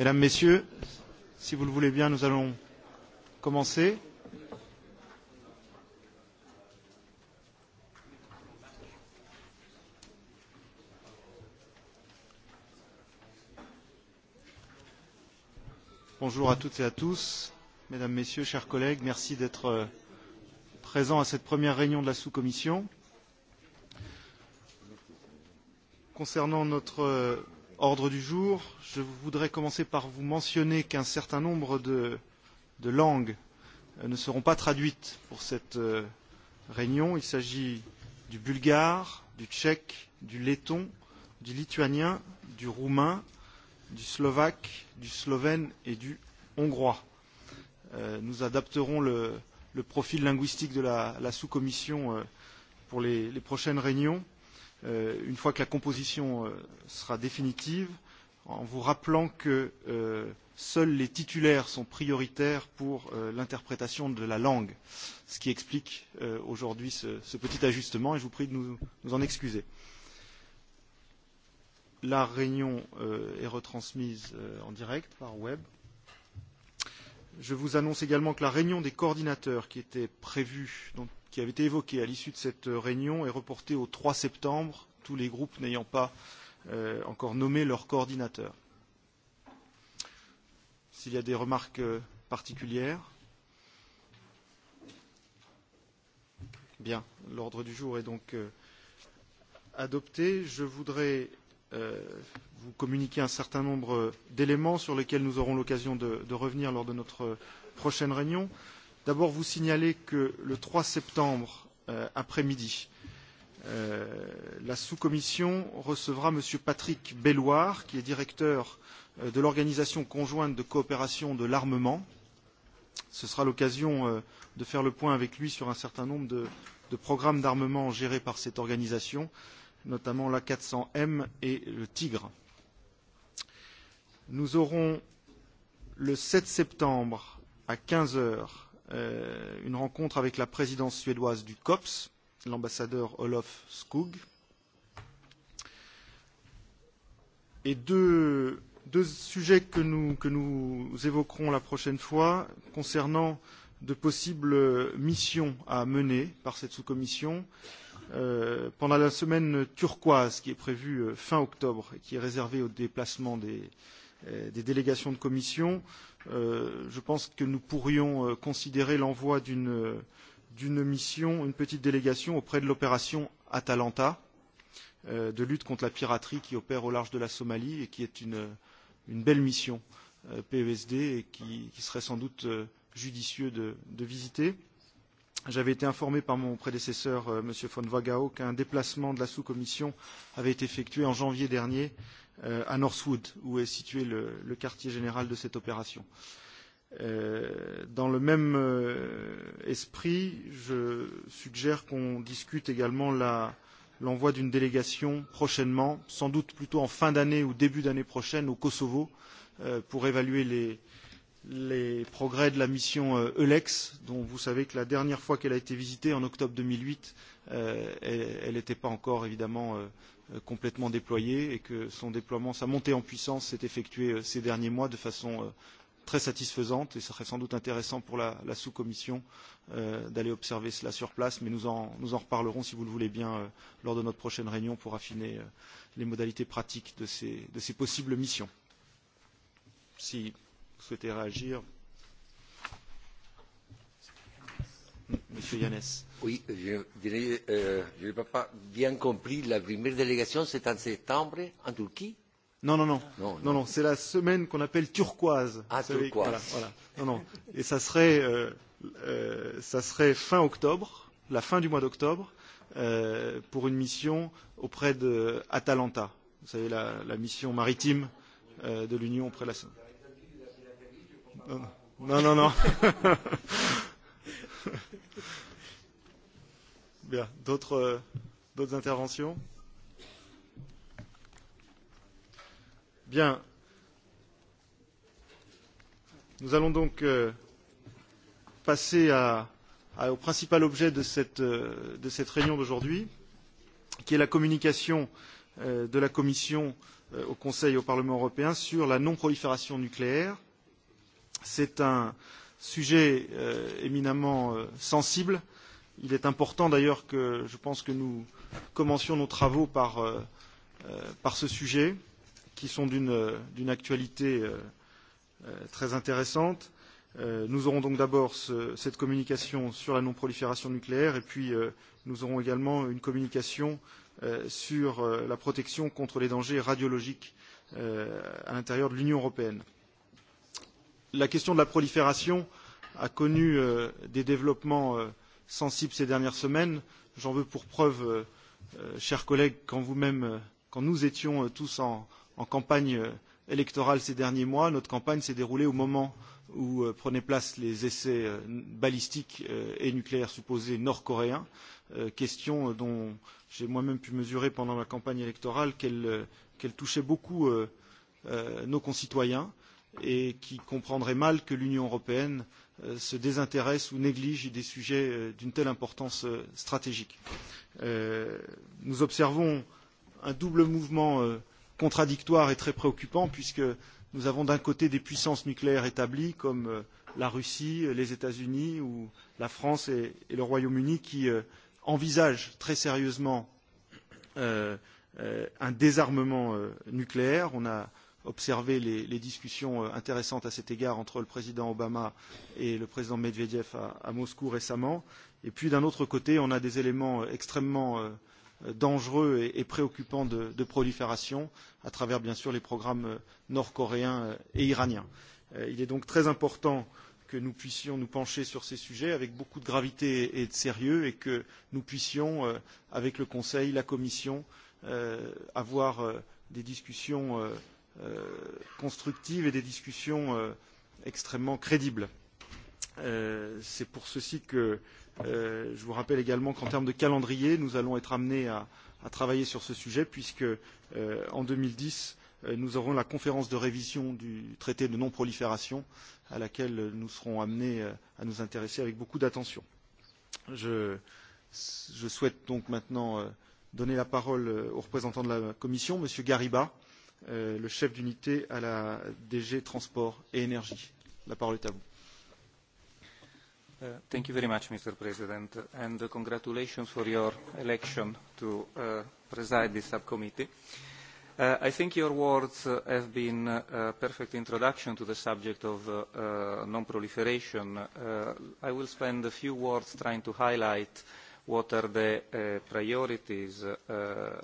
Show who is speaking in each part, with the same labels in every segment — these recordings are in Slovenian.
Speaker 1: mesdames messieurs si vous le voulez bien nous allons commencer. bonjour à toutes et à tous mesdames messieurs chers collègues merci d'être euh, présents à cette première réunion de la sous commission. concernant notre euh, ordre du jour, je voudrais commencer par vous mentionner qu'un certain nombre de, de langues euh, ne seront pas traduites pour cette euh, réunion. Il s'agit du bulgare, du tchèque, du letton, du lituanien, du roumain, du slovaque, du slovène et du hongrois. Euh, nous adapterons le, le profil linguistique de la, la sous-commission pour les, les prochaines réunions euh, une fois que la composition euh, sera définitive, en vous rappelant que euh, seuls les titulaires sont prioritaires pour euh, l'interprétation de la langue, ce qui explique euh, aujourd'hui ce, ce petit ajustement, et je vous prie de nous, nous en excuser. La réunion euh, est retransmise euh, en direct par web. Je vous annonce également que la réunion des coordinateurs qui était prévue, donc qui avait été évoqué à l'issue de cette euh, réunion est reporté au 3 septembre, tous les groupes n'ayant pas euh, encore nommé leur coordinateur. S'il y a des remarques euh, particulières. Bien, l'ordre du jour est donc euh, adopté. Je voudrais euh, vous communiquer un certain nombre d'éléments sur lesquels nous aurons l'occasion de, de revenir lors de notre euh, prochaine réunion. Euh, d'abord vous signaler que le 3 septembre euh, après-midi, euh, la sous-commission recevra M. Patrick Belloire, qui est directeur euh, de l'Organisation conjointe de coopération de l'armement. Ce sera l'occasion euh, de faire le point avec lui sur un certain nombre de, de programmes d'armement gérés par cette organisation, notamment l'A400M et le Tigre. Nous aurons le 7 septembre à 15 heures euh, une rencontre avec la présidence suédoise du COPS, l'ambassadeur Olof Skog. Et deux, deux sujets que nous, que nous évoquerons la prochaine fois concernant de possibles missions à mener par cette sous-commission euh, pendant la semaine turquoise qui est prévue euh, fin octobre et qui est réservée au déplacement des, euh, des délégations de commission. Euh, Euh, je pense que nous pourrions euh, considérer l'envoi euh, d'une mission, une petite délégation auprès de l'opération Atalanta de lutte contre la piraterie qui opère au large de la Somalie et qui est une, une belle mission PESD et qui, qui serait sans doute judicieux de, de visiter. Euh, J'avais été informé par mon prédécesseur, euh, M. von Wagau, qu'un déplacement de la sous-commission avait été effectué en janvier dernier euh, à Northwood, où est situé le, le quartier général de cette opération. Euh, dans le même euh, esprit, je suggère qu'on discute également la, l'envoi d'une délégation prochainement, sans doute plutôt en fin d'année ou début d'année prochaine, au Kosovo, euh, pour évaluer les, euh, les progrès de la mission euh, Eulex, dont vous savez que la dernière fois qu'elle a été visitée, en octobre 2008, euh, elle n'était pas encore évidemment euh, euh, complètement déployée et que son déploiement, sa montée en puissance s'est effectuée euh, ces derniers mois de façon euh, très satisfaisante et ce serait sans doute intéressant pour la, la sous-commission euh, d'aller observer cela sur place, mais nous en, nous en reparlerons si vous le voulez bien euh, lors de notre prochaine réunion pour affiner euh, les modalités pratiques de ces, de ces possibles missions. Si souhaitez réagir.
Speaker 2: Monsieur Yannès. Oui, je dirais, euh, je n'ai pas bien compris, la première délégation, c'est en septembre, en Turquie Non, non, non. Non,
Speaker 1: non. non c'est la semaine qu'on appelle turquoise.
Speaker 2: Ah, turquoise. Savez, voilà, voilà.
Speaker 1: Non, non. Et ça serait, euh, euh, ça serait fin octobre, la fin du mois d'octobre, euh, pour une mission auprès d'Atalanta. Vous savez, la, la mission maritime euh, de l'Union auprès de la semaine. No, no, no. Bien, d'autres, euh, d'autres interventions Bien. Nous allons donc euh, passer à, à, au principal objet de cette, euh, de cette réunion d'aujourd'hui, qui est la communication de la Commission au Conseil et au Parlement européen sur la non-prolifération nucléaire. C'est un sujet euh, éminemment euh, sensible. Il est important d'ailleurs que je pense que nous commencions nos travaux par, euh, euh par ce sujet, qui sont euh, d'une actualité euh, euh, très intéressante. Euh, nous aurons donc d'abord ce, cette communication sur la non-prolifération nucléaire et puis euh, nous aurons également une communication euh, sur euh, la protection contre les dangers radiologiques euh, à l'intérieur de l'Union européenne. Euh, la question de la prolifération a connu euh, des développements euh, sensibles ces dernières semaines. J'en veux pour preuve, euh, euh, chers collègues, quand vous-même, euh, quand nous étions euh, tous en, en campagne euh, électorale ces derniers mois, notre campagne s'est déroulée au moment où euh, prenaient place les essais euh, balistiques euh, et nucléaires supposés nord-coréens, euh, question euh, dont j'ai moi-même pu mesurer pendant ma campagne électorale qu'elle euh, qu touchait beaucoup euh, euh, nos concitoyens et qui comprendraient mal que l'Union européenne euh, se désintéresse ou néglige des sujets euh, d'une telle importance euh, stratégique. Nous observons un double mouvement contradictoire et très préoccupant puisque nous avons d'un côté des puissances nucléaires établies comme la Russie, les États-Unis ou la France et le Royaume-Uni qui envisagent très sérieusement un désarmement nucléaire. On a euh, observé les, les discussions euh, intéressantes à cet égard entre le président Obama et le président Medvedev à, à Moscou récemment. Et puis, d'un autre côté, on a des éléments euh, extrêmement euh, dangereux et, et préoccupants de, de prolifération à travers, bien sûr, les programmes nord-coréens et iraniens. Il est donc très important que nous puissions nous pencher sur ces sujets avec beaucoup de gravité et de sérieux et que nous puissions, avec le Conseil, la Commission, avoir des discussions euh, Euh, constructives et des discussions euh, extrêmement crédibles. Euh, C'est pour ceci que euh, je vous rappelle également qu'en termes de calendrier, nous allons être amenés à, à travailler sur ce sujet, puisque euh, en 2010, euh, nous aurons la conférence de révision du traité de non-prolifération à laquelle nous serons amenés euh, à nous intéresser avec beaucoup d'attention. Je, je souhaite donc maintenant donner la parole au représentant de la Commission, M. Gariba. Euh, le chef d'unité à la DG Transport et Énergie.
Speaker 3: La parole est à vous. Uh, thank you very much, Mr. President, and uh, congratulations for your election to uh, preside this subcommittee. Uh, I think your words uh, have been uh, a perfect introduction to the subject of uh, uh, non-proliferation. Uh, I will spend a few words trying to highlight what are the uh, priorities uh,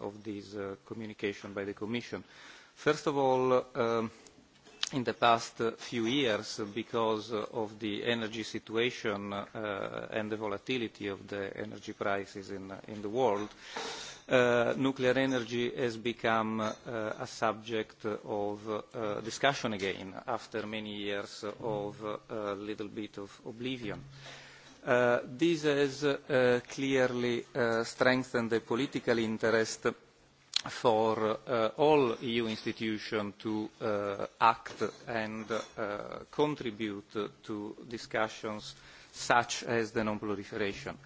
Speaker 3: of this uh, communication by the Commission. Uh, first of all um, in the past few years because of the energy situation uh, and the volatility of the energy prices in the world uh, nuclear energy has become uh, a subject of discussion again after many years of a little bit of oblivion. This has clearly strengthened the political interest for uh, all EU institutions to uh, act and uh, contribute to discussions such as the non-proliferation.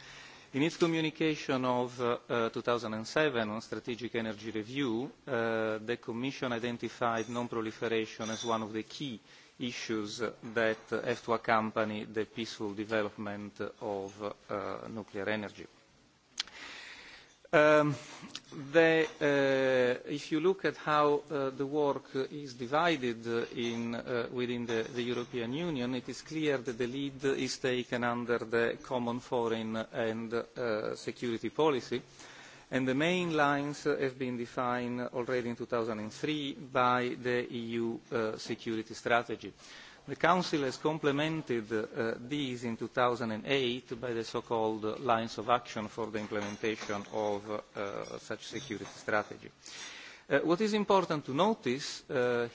Speaker 3: In its communication of uh, uh, 2007 on strategic energy review, uh, the Commission identified non-proliferation as one of the key issues that have to accompany the peaceful development of uh, nuclear energy um, the, uh, if you look at how uh, the work is divided uh, in, uh, within the, the European Union, it is clear that the lead is taken under the common foreign and uh, security policy. And the main lines have been defined already in 2003 by the EU uh, security strategy. Uh, the council has complemented uh, these in two thousand and eight by the so called lines of action for the implementation of uh, such a security strategy. Uh, what is important to notice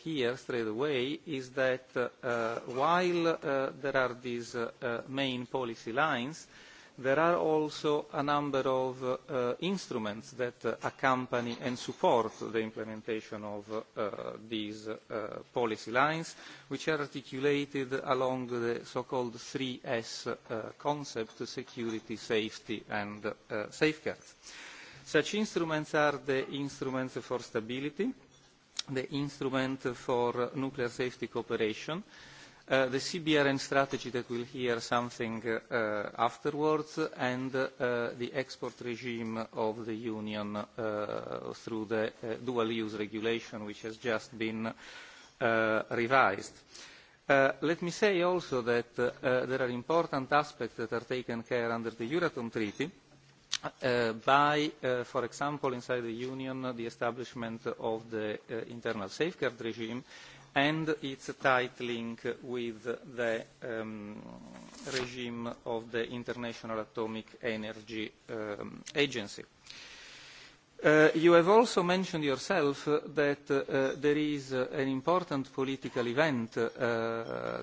Speaker 3: here straight away is that while there are these main policy lines there are also a number of uh, instruments that accompany and support the implementation of uh, these uh, policy lines which are articulated along the so called three s concept security safety and safeguards. such instruments are the instruments for stability the instrument for nuclear safety cooperation Uh, the cbrn strategy that we will hear something about uh, uh, afterwards and the export regime of the union through the dual use regulation which has just been revised. let me say also that there are important aspects that are taken care of under the euratom treaty by for example inside the union the establishment of the internal safeguard regime and its tight link with the um, regime of the International Atomic Energy um, Agency. Uh, you have also mentioned yourself that uh, there is uh, an important political event uh,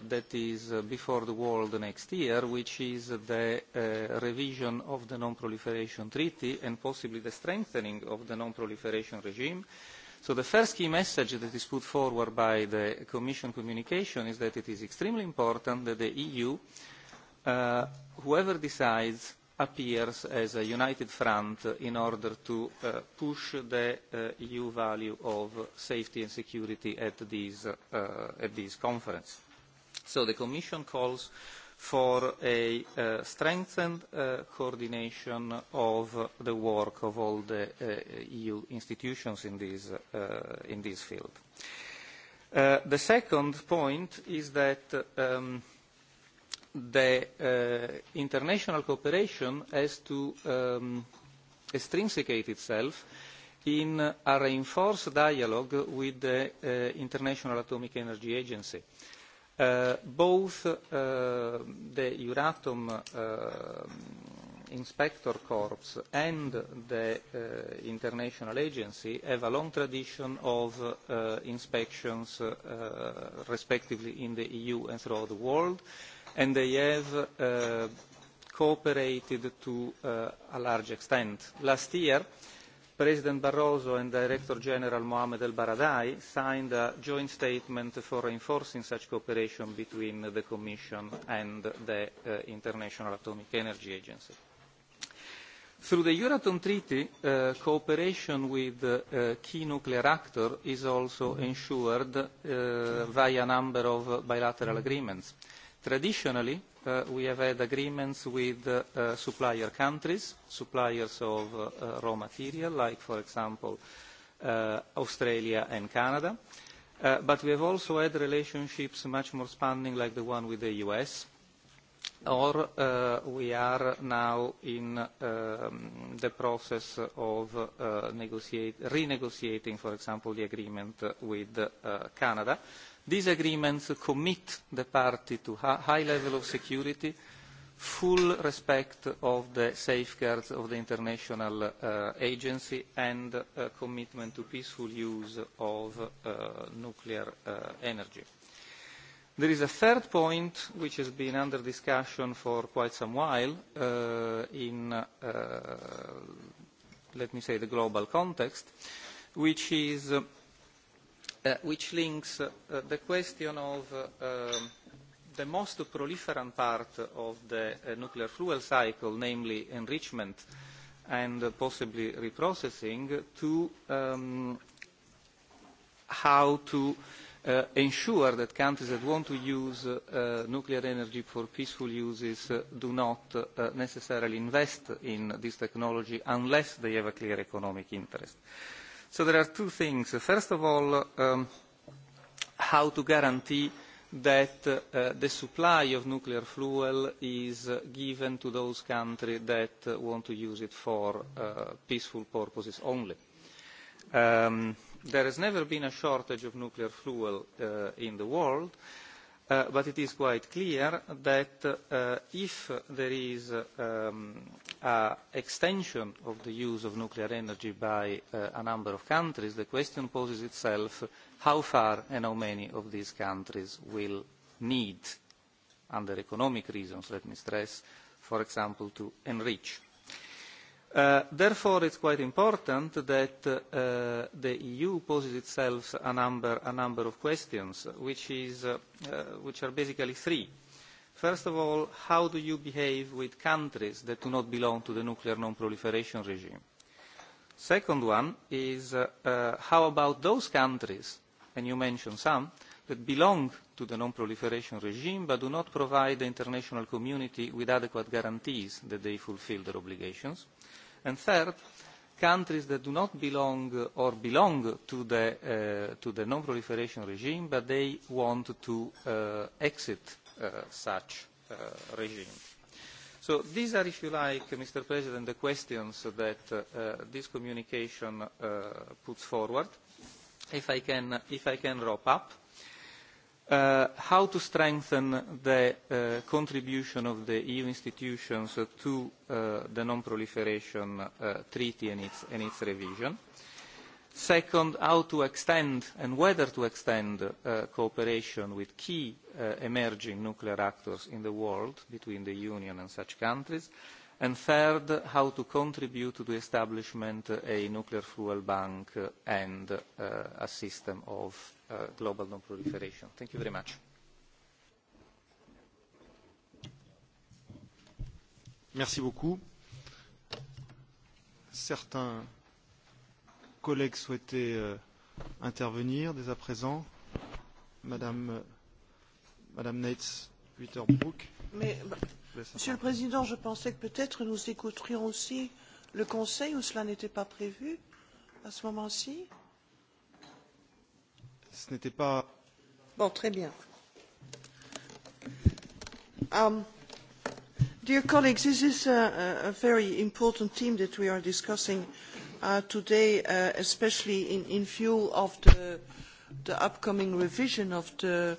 Speaker 3: that is uh, before the world next year, which is the uh, revision of the non-proliferation treaty and possibly the strengthening of the non-proliferation regime. Uh, the first key message that is put forward by the commission communication is that it is extremely important that the eu uh, whoever decides appears as a united front in order to uh, push the uh, eu value of safety and security at this conference. so the commission calls for a uh, strengthened uh, coordination of the work of all the uh, EU institutions in this, uh, in this field. Uh, the second point is that um, the uh, international cooperation has to um, extrinsicate itself in a reinforced dialogue with the uh, International Atomic Energy Agency. Uh, Uh, both uh, the euratom uh, inspector corps and the international agency have a long tradition of inspections respectively in the eu and throughout the world and they have cooperated to a large extent. last year president barroso and director general mohamed el baradei signed a joint statement for enforcing such cooperation between the commission and the uh, international atomic energy agency. through the euratom treaty uh, cooperation with uh, key nuclear actors is also ensured uh, via a number of bilateral agreements. traditionally Uh, we have had agreements with uh, uh, supplier countries suppliers of raw material like for example uh, Australia and Canada uh, but we have also had relationships much more spanning like the one with the US or uh, we are now in um, the process of uh, renegotiating for example the agreement with uh, Canada These agreements commit the party to a high level of security, full respect of the safeguards of the international uh, agency and a commitment to peaceful use of uh, nuclear uh, energy. There is a third point which has been under discussion for quite some while uh, in, uh, let me say, the global context, which is uh, Uh, which links uh, the question of uh, um, the most proliferant part of the uh, nuclear fuel cycle, namely enrichment and uh, possibly reprocessing, to um, how to uh, ensure that countries that want to use uh, nuclear energy for peaceful uses uh, do not uh, necessarily invest in this technology unless they have a clear economic interest. Uh, there are two things first of all um, how to guarantee that uh, the supply of nuclear fuel is given to those countries that uh, want to use it for uh, peaceful purposes only. Um, there has never been a shortage of nuclear fuel in the world. Uh, but it is quite clear that uh, if there is um, an extension of the use of nuclear energy by uh, a number of countries the question poses itself how far and how many of these countries will need under economic reasons let me stress for example to enrich Uh, therefore it is quite important that uh, the eu poses itself a number of questions uh, which are basically three first of all how do you behave with countries that do not belong to the nuclear non proliferation regime? the second one is how about those countries and you mentioned some that belong to the non proliferation regime but do not provide the international community with adequate guarantees that they fulfil their obligations? and third countries that do not belong or belong to the uh, non proliferation regime but they want to uh, exit uh, such a regime. so these are if you like mr president the questions that this communication puts forward if i can wrap up uh, how to strengthen the uh, contribution of the EU institutions uh, to uh, the non-proliferation uh, treaty and its, and its revision. Second, how to extend and whether to extend uh, cooperation with key uh, emerging nuclear actors in the world between the Union and such countries. And third, how to contribute to the establishment of uh, a nuclear fuel bank uh, and uh, a system of Uh, global non proliferation. Thank you very much. Merci
Speaker 1: beaucoup. Certains collègues souhaitaient euh, intervenir dès à présent. Madame, euh, Madame Nates, Witterbrook.
Speaker 4: Mais, bah, Monsieur le Président, je pensais que peut-être nous écouterions aussi le Conseil où cela n'était pas prévu à ce moment-ci. Euh,
Speaker 1: ce n'était pas.
Speaker 4: très bien. Um, dear colleagues this is a very important theme that we are discussing uh, today uh, especially in view of the upcoming revision of the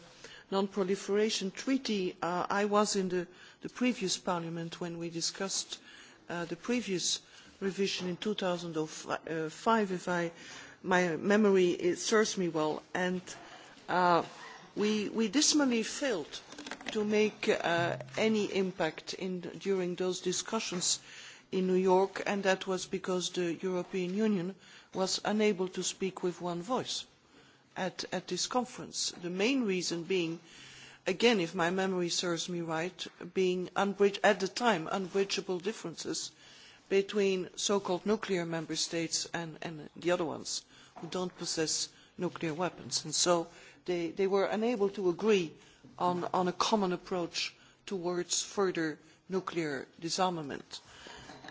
Speaker 4: non proliferation treaty. Uh, i was in the previous parliament when we discussed the previous revision in two thousand and five if my memory it serves me well and uh, we we dismally failed to make uh, any impact in during those discussions in New York and that was because the European Union was unable to speak with one voice at, at this conference. The main reason being, again, if my memory serves me right, being unbridge- at the time unbridgeable differences between so-called nuclear member states and, and the other ones. Uh, who don't possess nuclear weapons. And so they, they were unable to agree on, on a common approach towards further nuclear disarmament.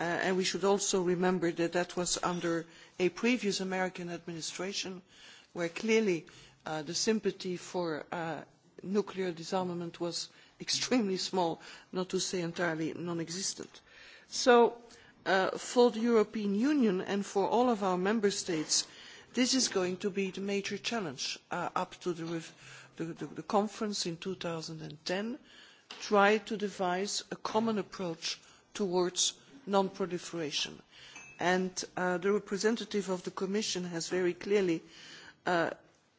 Speaker 4: Uh, and we should also remember that that was under a previous American administration where clearly uh, the sympathy for uh, nuclear disarmament was extremely small, not to say entirely non-existent. So uh, for the European Union and for all of our member states, uh, this is going to be the major challenge uh, up to the, the, the, the conference in 2010, try to devise a common approach towards non-proliferation. And uh, the representative of the Commission has very clearly, uh,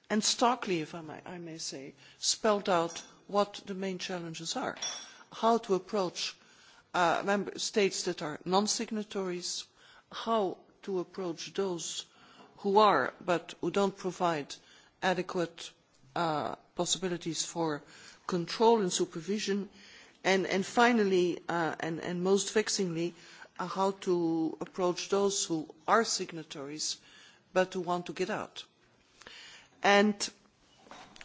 Speaker 4: and starkly, if I may, I may say, spelled out what the main challenges are, how to approach uh, member states that are non-signatories, how to approach those who are but who don't provide adequate uh, possibilities for control and supervision. And, and finally, uh, and, and most vexingly, uh, how to approach those who are signatories but who want to get out. And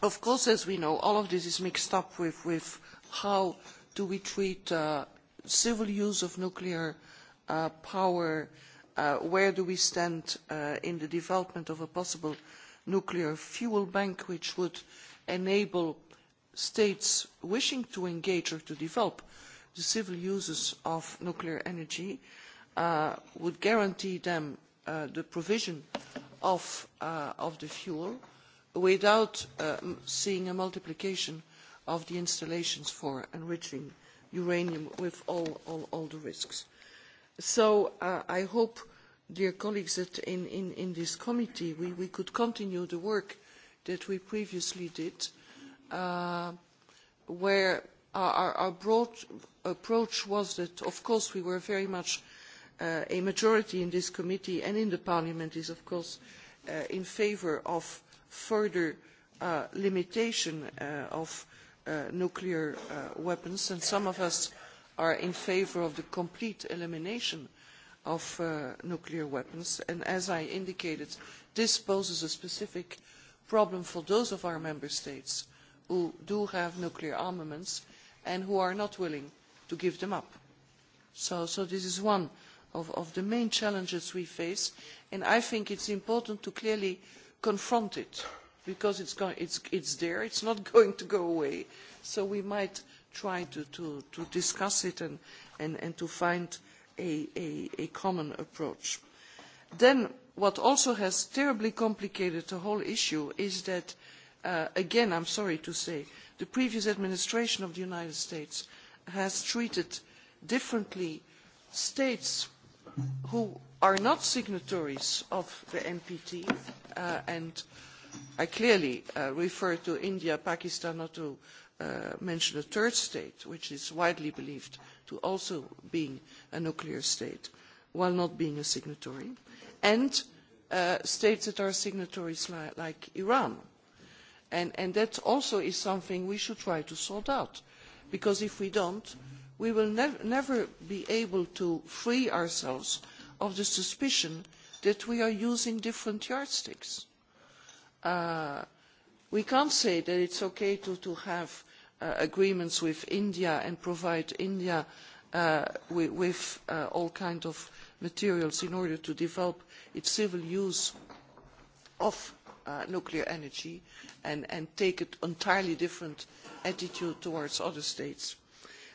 Speaker 4: of course, as we know, all of this is mixed up with, with how do we treat uh, civil use of nuclear uh, power uh, Uh, where do we stand uh, in the development of a possible nuclear fuel bank which would enable states wishing to engage or to develop the civil uses of nuclear energy uh, would guarantee them uh, the provision of, uh, of the fuel without uh, m seeing a multiplication of the installations for enriching uranium with all, all, all the risks. Uh, so uh, i hope dear colleagues that in, in, in this committee we, we could continue the work that we previously did uh, where our, our broad approach was that of course we were very much uh, a majority in this committee and in the parliament is of course uh, in favour of further uh, limitation uh, of uh, nuclear uh, weapons and some of us uh, are in favour of the complete elimination of uh, nuclear weapons and as I indicated this poses a specific problem for those of our member states who do have nuclear armaments and who are not willing to give them up. So, so this is one of, of the main challenges we face and I think it's important to clearly confront it because it's, go- it's, it's there, it's not going to go away. So we might try to, to, to discuss it and, and, and to find a, a, a common approach. Then what also has terribly complicated the whole issue is that, uh, again, I'm sorry to say, the previous administration of the United States has treated differently states who are not signatories of the NPT uh, and I clearly uh, refer to India, Pakistan, or to Uh, mention a third state, which is widely believed to also be a nuclear state, while not being a signatory, and uh, states that are signatories li like Iran. And, and that also is something we should try to sort out, because if we don't, we will nev never be able to free ourselves of the suspicion that we are using different yardsticks. Uh, we can't say that it's okay to, to have Uh, agreements with India and provide India uh, with uh, all kinds of materials in order to develop its civil use of uh, nuclear energy and, and take an entirely different attitude towards other states.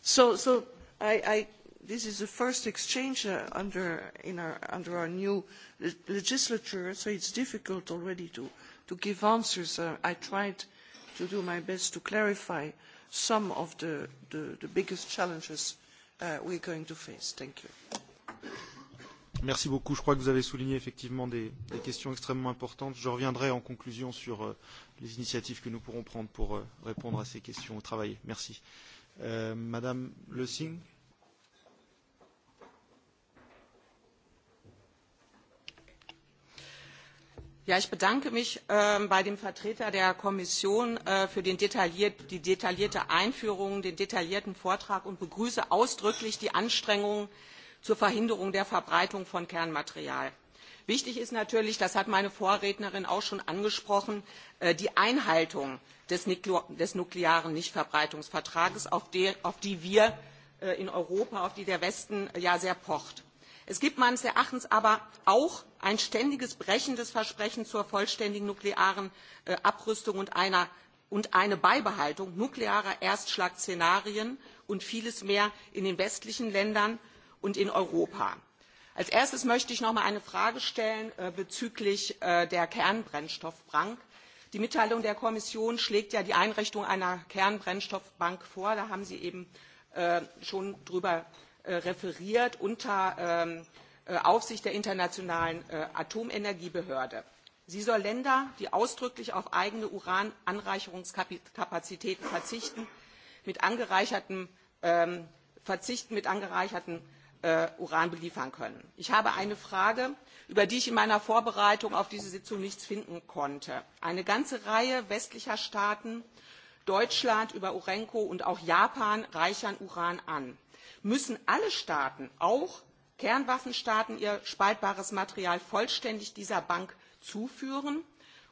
Speaker 4: So, so I, I, this is the first exchange uh, under, in our, under our new legislature, so it's difficult already to, to give answers. Uh, I tried to do my best to clarify uh, some of the, the, the biggest challenges uh, we're going to face. Thank you.
Speaker 1: Merci beaucoup. Je crois que vous avez souligné effectivement des, des questions extrêmement importantes. Je reviendrai en conclusion sur euh, les initiatives que nous pourrons prendre pour euh, répondre à ces questions au travail. Merci. Euh, Madame Le Singh.
Speaker 5: Ja, ich bedanke mich ähm, bei dem vertreter der kommission äh, für die detaillierte einführung den detaillierten vortrag und begrüße ausdrücklich die anstrengungen zur verhinderung der verbreitung von kernmaterial. wichtig ist natürlich das hat meine vorrednerin auch schon angesprochen äh, die einhaltung des nuklearen nichtverbreitungsvertrags auf die wir äh, in europa auf die der westen ja sehr pocht. Es gibt meines Erachtens aber auch ein ständiges brechendes Versprechen zur vollständigen nuklearen äh, Abrüstung und, einer, und eine Beibehaltung nuklearer Erstschlagszenarien und vieles mehr in den westlichen Ländern und in Europa. Als erstes möchte ich noch einmal eine Frage stellen äh, bezüglich äh, der Kernbrennstoffbank. Die Mitteilung der Kommission schlägt ja die Einrichtung einer Kernbrennstoffbank vor. Da haben Sie eben äh, schon drüber Äh, referiert unter ähm, äh, Aufsicht der Internationalen äh, Atomenergiebehörde. Sie soll Länder, die ausdrücklich auf eigene Urananreicherungskapazitäten verzichten, mit angereichertem, ähm, verzichten, mit angereichertem äh, Uran beliefern können. Ich habe eine Frage, über die ich in meiner Vorbereitung auf diese Sitzung nichts finden konnte. Eine ganze Reihe westlicher Staaten, Deutschland über Urenco und auch Japan, reichern Uran an müssen alle Staaten, auch Kernwaffenstaaten, ihr spaltbares Material vollständig dieser Bank zuführen?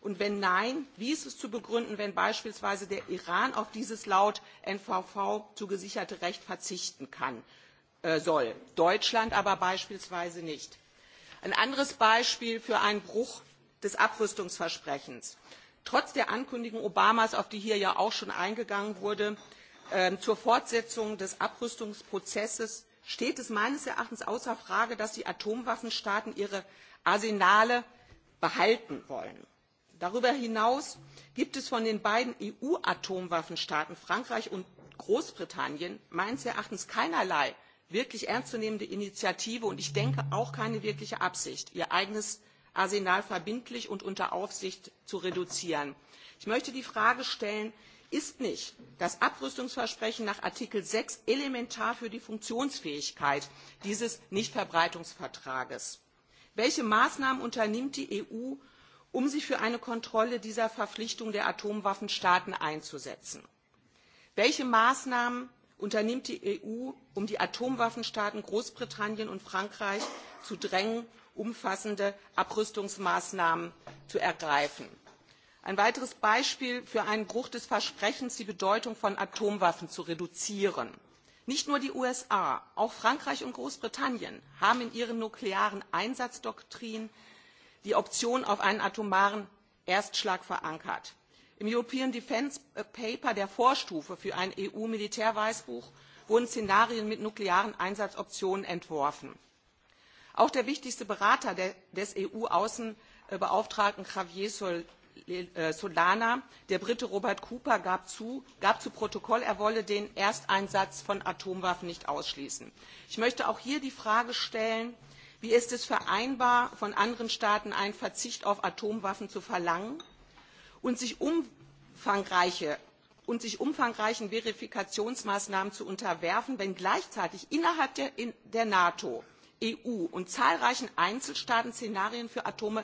Speaker 5: Und wenn nein, wie ist es zu begründen, wenn beispielsweise der Iran auf dieses laut NVV zugesicherte Recht verzichten kann, äh, soll, Deutschland aber beispielsweise nicht? Ein anderes Beispiel für einen Bruch des Abrüstungsversprechens. Trotz der Ankündigung Obamas, auf die hier ja auch schon eingegangen wurde, Ähm, zur Fortsetzung des Abrüstungsprozesses steht es meines Erachtens außer Frage, dass die Atomwaffenstaaten ihre Arsenale behalten wollen. Darüber hinaus gibt es von den beiden EU-Atomwaffenstaaten Frankreich und Großbritannien meines Erachtens keinerlei wirklich ernstzunehmende Initiative und ich denke auch keine wirkliche Absicht, ihr eigenes Arsenal verbindlich und unter Aufsicht zu reduzieren. Ich möchte die Frage stellen, ist nicht das abrüstungsversprechen nach artikel sechs elementar für die funktionsfähigkeit dieses nichtverbreitungsvertrages? welche maßnahmen unternimmt die eu um sich für eine kontrolle dieser verpflichtung der atomwaffenstaaten einzusetzen? welche maßnahmen unternimmt die eu um die atomwaffenstaaten großbritannien und frankreich zu drängen umfassende abrüstungsmaßnahmen zu ergreifen? ein weiteres beispiel für einen bruch des versprechens die bedeutung von atomwaffen zu reduzieren. nicht nur die usa auch frankreich und großbritannien haben in ihren nuklearen einsatzdoktrinen die option auf einen atomaren erstschlag verankert. im european defence paper der vorstufe für ein eu militärweißbuch wurden szenarien mit nuklearen einsatzoptionen entworfen. auch der wichtigste berater des eu außenbeauftragten javier Äh, Solana. Der Brite Robert Cooper gab zu, gab zu Protokoll, er wolle den Ersteinsatz von Atomwaffen nicht ausschließen. Ich möchte auch hier die Frage stellen, wie ist es vereinbar, von anderen Staaten einen Verzicht auf Atomwaffen zu verlangen und sich, umfangreiche, und sich umfangreichen Verifikationsmaßnahmen zu unterwerfen, wenn gleichzeitig innerhalb der, in der NATO, EU und zahlreichen Einzelstaaten Szenarien für Atome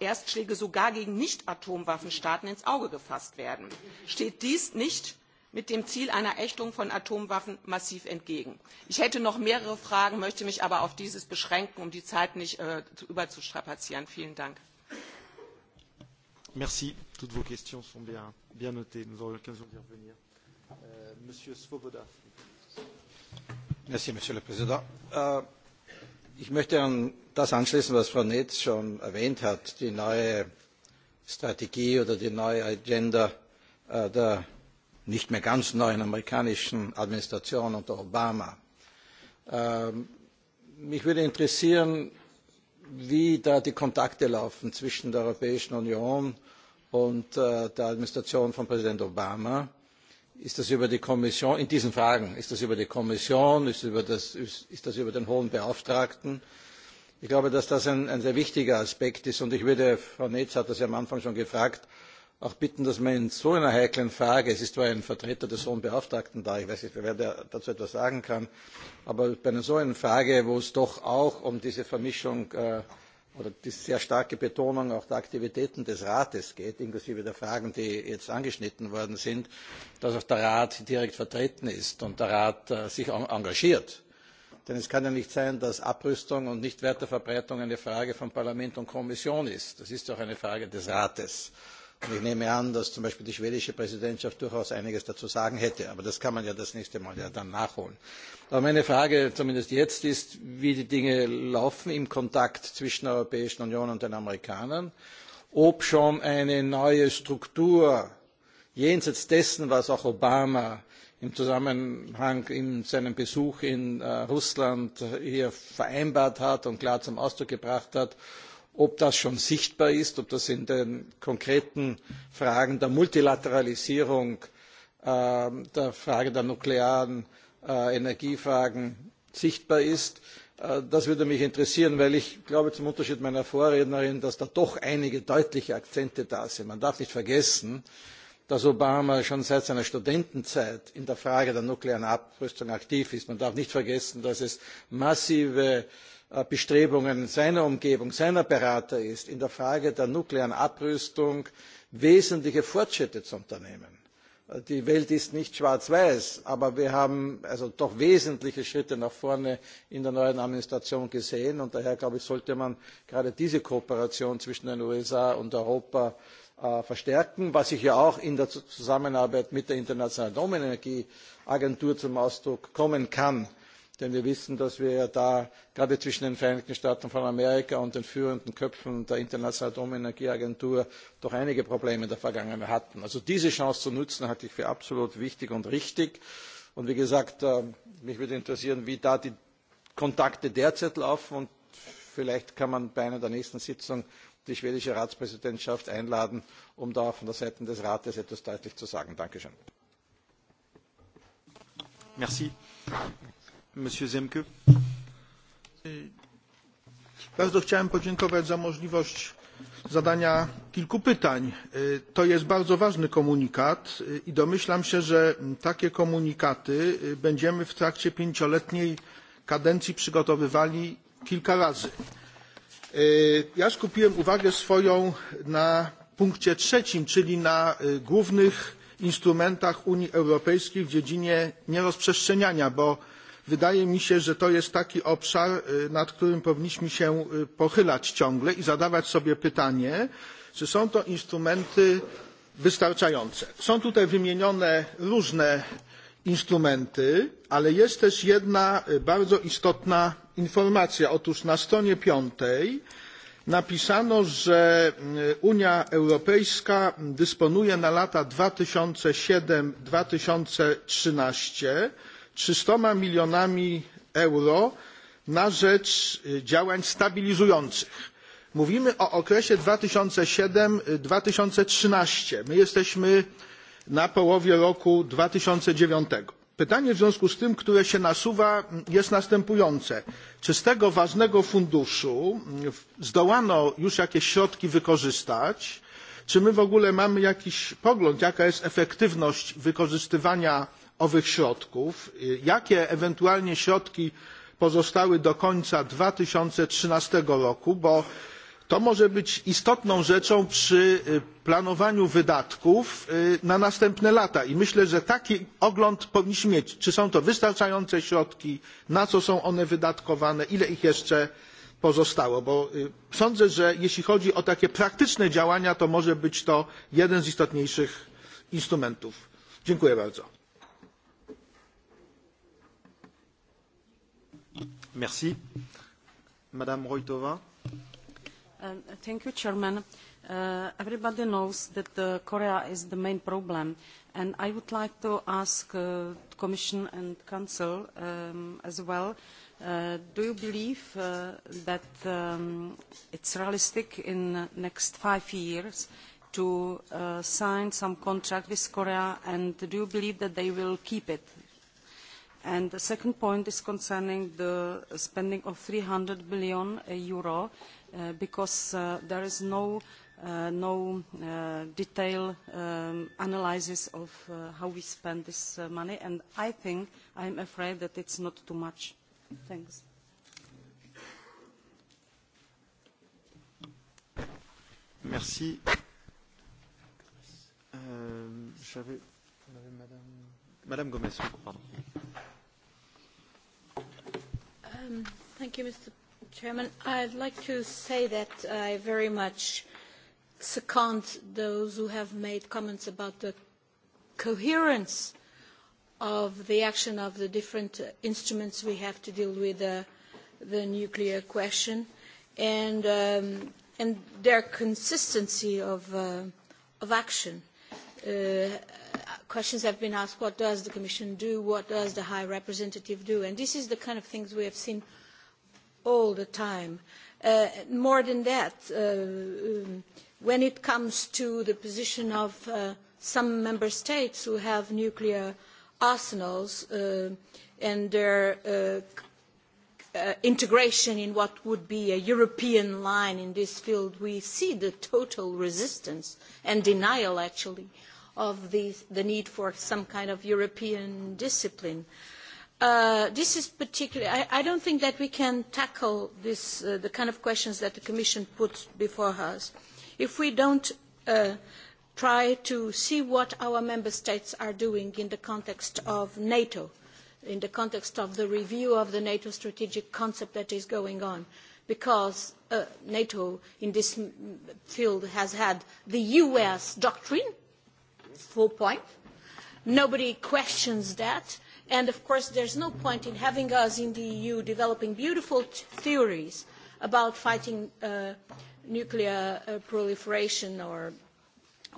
Speaker 5: erstschläge sogar gegen nicht atomwaffenstaaten ins auge gefasst werden steht dies nicht mit dem ziel einer ächtung von atomwaffen massiv entgegen? ich hätte noch mehrere fragen möchte mich aber auf dieses beschränken um die zeit nicht äh, überzustrapazieren. vielen dank!
Speaker 6: Ich möchte an das anschließen, was Frau Netz schon erwähnt hat, die neue Strategie oder die neue Agenda äh, der nicht mehr ganz neuen amerikanischen Administration unter Obama. Ähm, mich würde interessieren, wie da die Kontakte laufen zwischen der Europäischen Union und äh, der Administration von Präsident Obama ist das über die kommission in diesen fragen ist das über die kommission ist das über den hohen beauftragten? ich glaube dass das ein sehr wichtiger aspekt ist und ich würde frau neyts hat das ja am anfang schon gefragt auch bitten dass man in so einer heiklen frage es ist zwar ein vertreter des hohen beauftragten da ich weiß nicht wer dazu etwas sagen kann aber bei so einer frage wo es doch auch um diese vermischung äh, oder die sehr starke Betonung auch der Aktivitäten des Rates geht, inklusive der Fragen, die jetzt angeschnitten worden sind, dass auch der Rat direkt vertreten ist und der Rat äh, sich engagiert. Denn es kann ja nicht sein, dass Abrüstung und Nichtweiterverbreitung eine Frage von Parlament und Kommission ist. Das ist doch ja eine Frage des Rates. Ich nehme an, dass zum Beispiel die schwedische Präsidentschaft durchaus einiges dazu sagen hätte. Aber das kann man ja das nächste Mal ja dann nachholen. Aber meine Frage zumindest jetzt ist, wie die Dinge laufen im Kontakt zwischen der Europäischen Union und den Amerikanern. Ob schon eine neue Struktur jenseits dessen, was auch Obama im Zusammenhang in seinem Besuch in äh, Russland hier vereinbart hat und klar zum Ausdruck gebracht hat, ob das schon sichtbar ist ob das in den konkreten fragen der multilateralisierung ähm, der frage der nuklearen äh, energiefragen sichtbar ist äh, das würde mich interessieren weil ich glaube zum unterschied meiner vorrednerin dass da doch einige deutliche akzente da sind. man darf nicht vergessen dass obama schon seit seiner studentenzeit in der frage der nuklearen abrüstung aktiv ist. man darf nicht vergessen dass es massive Äh, bestrebungen seiner umgebung seiner berater ist in der frage der nuklearen abrüstung wesentliche fortschritte zu unternehmen. Äh, die welt ist nicht schwarz weiß aber wir haben doch wesentliche schritte nach vorne in der neuen administration gesehen und daher sollte man gerade diese kooperation zwischen den usa und europa äh, verstärken was sich ja auch in der zusammenarbeit mit der internationalen atomenergieagentur zum ausdruck kommen kann denn wir wissen dass wir ja da gerade zwischen den vereinigten staaten von amerika und den führenden köpfen der internationalen atomenergieagentur doch einige probleme in der vergangenheit hatten. also diese chance zu nutzen halte ich für absolut wichtig und richtig. und wie gesagt äh, mich würde interessieren wie da die kontakte derzeit laufen und vielleicht kann man bei einer der nächsten sitzungen die schwedische ratspräsidentschaft einladen um da von der seite des rates etwas deutlich zu sagen. danke schön.
Speaker 1: Merci. E,
Speaker 7: bardzo chciałem podziękować za możliwość zadania kilku pytań. E, to jest bardzo ważny komunikat e, i domyślam się że takie komunikaty będziemy w trakcie pięcioletniej kadencji przygotowywali kilka razy. ja skupiłem uwagę swoją na punkcie trzecim czyli na głównych instrumentach unii europejskiej w dziedzinie nierozprzestrzeniania bo wydaje mi się że to jest taki obszar nad którym powinniśmy się pochylać ciągle i zadawać sobie pytanie czy są to instrumenty wystarczające. są tutaj wymienione różne instrumenty ale jest też jedna bardzo istotna informacja otóż na stronie piątej napisano że unia europejska dysponuje na lata dwa tysiące siedem dwa tysiące trzynaście trzysta milionami euro na rzecz działań stabilizujących. mówimy o okresie dwa tysiące siedem dwa tysiące trzynaście my jesteśmy na połowie roku dwa tysiące dziewięć pytanie w związku z tym które się nasuwa mm, jest następujące czy z tego ważnego funduszu mm, zdołano już jakieś środki wykorzystać czy my w ogóle mamy jakiś pogląd jaka jest efektywność wykorzystywania owych środków jakie ewentualnie środki pozostały do końca dwa tysiące trzynaście roku bo to może być istotną rzeczą przy planowaniu wydatków na następne lata i myślę że taki ogląd powinniśmy mieć czy są to wystarczające środki na co są one wydatkowane ile ich jeszcze pozostało bo sądzę że jeśli chodzi o takie praktyczne działania to może być to jeden z istotniejszych instrumentów. dziękuję bardzo.
Speaker 1: Uh,
Speaker 8: thank you, Chairman. Uh, everybody knows that uh, Korea is the main problem, and I would like to ask uh, Commission and Council um, as well, uh, do you believe uh, that um, it's realistic in the next five years to uh, sign some contract with Korea, and do you believe that they will keep it, And the second point is concerning the spending of 300 billion uh, euro, uh, because uh, there is no uh, no uh, detailed um, analysis of uh, how we spend this uh, money. And I think I'm afraid that it's not too much. Thanks.
Speaker 1: Merci. Euh, J'avais Madame... Madame Gomez, pardon.
Speaker 9: Um, thank you, Mr. Chairman. I'd like to say that I very much second those who have made comments about the coherence of the action of the different instruments we have to deal with uh, the nuclear question and, um, and their consistency of, uh, of action. Uh, questions have been asked, what does the Commission do, what does the High Representative do? And this is the kind of things we have seen all the time. Uh, more than that, uh, um, when it comes to the position of uh, some member states who have nuclear arsenals uh, and their uh, uh, integration in what would be a European line in this field, we see the total resistance and denial, actually, uh, of the, the need for some kind of European discipline. Uh, this is particularly, I, I don't think that we can tackle this, uh, the kind of questions that the Commission puts before us if we don't uh, try to see what our member states are doing in the context of NATO, in the context of the review of the NATO strategic concept that is going on, because uh, NATO in this field has had the US doctrine, full point. Nobody questions that. And of course, there's no point in having us in the EU developing beautiful t theories about fighting uh, nuclear uh, proliferation or,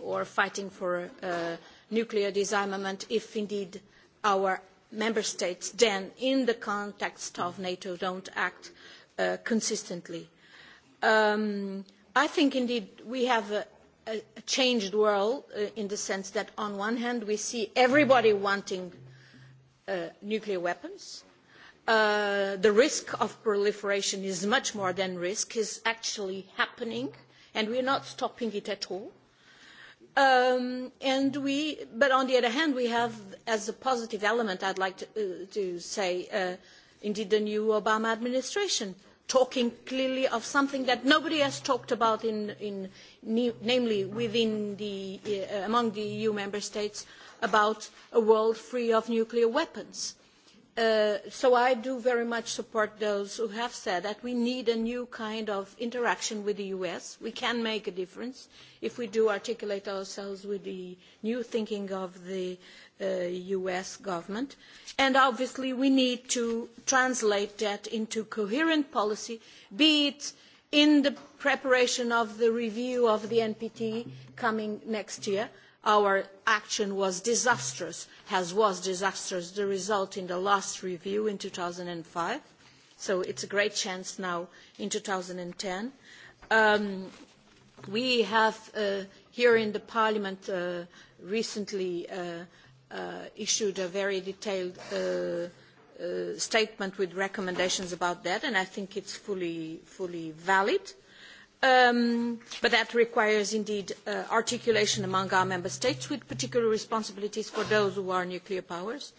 Speaker 9: or fighting for uh, nuclear disarmament if indeed our member states then, in the context of NATO, don't act uh, consistently. Um, I think indeed we have a, a changed world uh, in the sense that on one hand we see everybody wanting uh, nuclear weapons. Uh, the risk of proliferation is much more than risk, is actually happening, and we're not stopping it at all. Um, and we, but on the other hand, we have, as a positive element, I'd like to, uh, to say, uh, indeed the new Obama administration, uh, talking clearly of something that nobody has talked about, in, in, namely within the, uh, among the EU member states, about a world free of nuclear weapons. Uh, so I do very much support those who have said that we need a new kind of interaction with the US. We can make a difference if we do articulate ourselves with the new thinking of the uh, US government. And obviously we need to translate that into coherent policy, be it in the preparation of the review of the NPT coming next year, our action was disastrous, has was disastrous, the result in the last review in 2005. So it's a great chance now in 2010. Um, we have uh, here in the Parliament uh, recently uh, uh, issued a very detailed uh, uh, statement with recommendations about that, and I think it's fully, fully valid. Uh, um, but that requires indeed uh, articulation among our member states with particular responsibilities for those who are nuclear powers.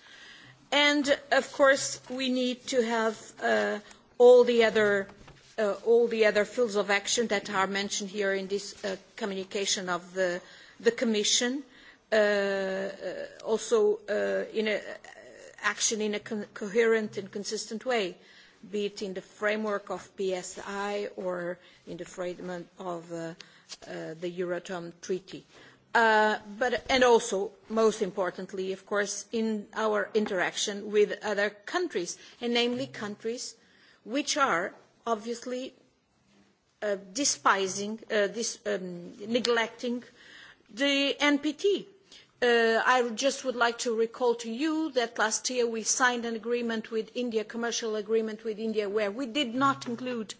Speaker 9: And of course, we need to have uh, all, the other, uh, all the other fields of action that are mentioned here in this uh, communication of the, the Commission. Uh, uh also uh, in a, uh, action in a co coherent and consistent way. Uh, be it in the framework of PSI or in the framework of uh, uh, the Euratom Treaty. Uh, but, and also, most importantly, of course, in our interaction with other countries, and namely countries which are obviously uh, despising, uh, dis, um, neglecting the NPT, Uh, i just would like to recall to you that last year we signed an agreement with india a commercial agreement with india where we did not include